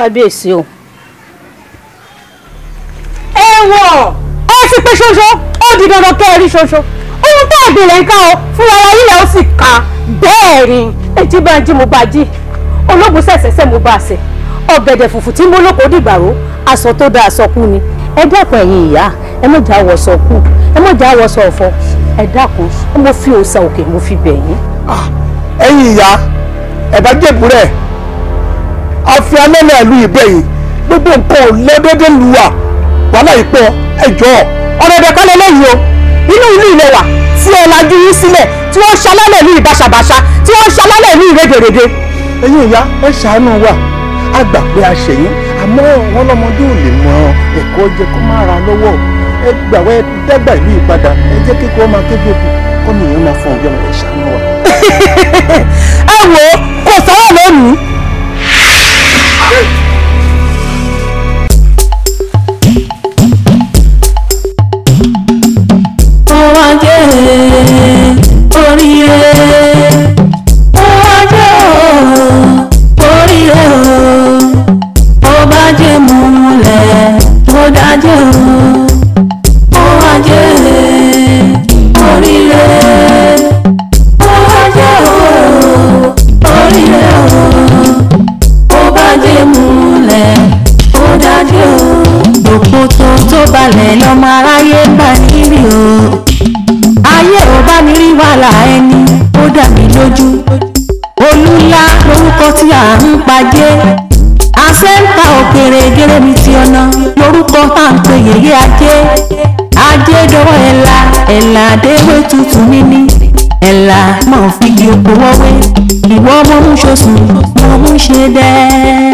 kábíyèsí o. èèwọ̀ ẹ ti pé ṣoṣo ó di dandan kẹ́ ẹ rí ṣoṣo ohun tó àgbèrè ń ká o fún ara ilẹ̀ ó sì ká bẹ́ẹ̀ ni ẹjí bá ń jí mo bá jí ológun sẹ̀sẹ̀sẹ̀ mo bá ṣe ọ̀gẹ̀dẹ̀ fùfù tí mo lóko dìgbàró aṣọ tó dáa sọkú ni ẹ dákun ẹ̀yin ìyá ẹ mọ̀ já wọ sọkú ẹ mọ̀ já wọ sọ̀fọ̀ ẹ dákun mo fi òòsà òkè mo fi bẹ̀ yín. Ah, ẹ̀yin ìyá ẹ bá jẹ̀bù rẹ̀ àfi amẹ́lẹ̀ ìlú ìbẹ̀ yìí gbogbo nǹkan ò lẹ́dẹ́dẹ́ lu wa wàhálà ìpọ̀ ẹ̀jọ́ ọ̀rọ̀ ẹ̀dẹ̀ kálẹ̀ lẹ́yìn o inú ìlú ilẹ̀ wà tí ẹ lajú yín sílẹ̀ tí wọ́n ṣalálẹ̀ ní ìbáṣabàṣa tí wọ́n ṣalálẹ̀ ní ìrédèrèdè. ẹ̀yin ìyá ẹ ṣàánú wa a gbà pé a ṣèyí àmọ́ wọn lọ́mọdé ò lè mọ ẹ̀kọ́ jẹ kó má ra lọ́wọ́ ẹ gbàwẹ́ dẹ́gbà ìlú ìpadà ẹ jẹ́ kíkọ́ máa kébé kù kọ́ nìyẹn máa fọ òjò ẹ ṣàánú wa. ẹ wo kò sọ́wọ́ lónìí ajé oríire ó ajé o oríire o ó bá jẹ múlẹ̀ tó dájẹ́ o ó ajé oríire ó ajé o oríire o ó ẹ̀là déwé tutù níní ẹ̀là máa fi gbé owó wé ìwọ ọmọ mú ṣoṣù mo mú ṣe dẹ́ẹ́.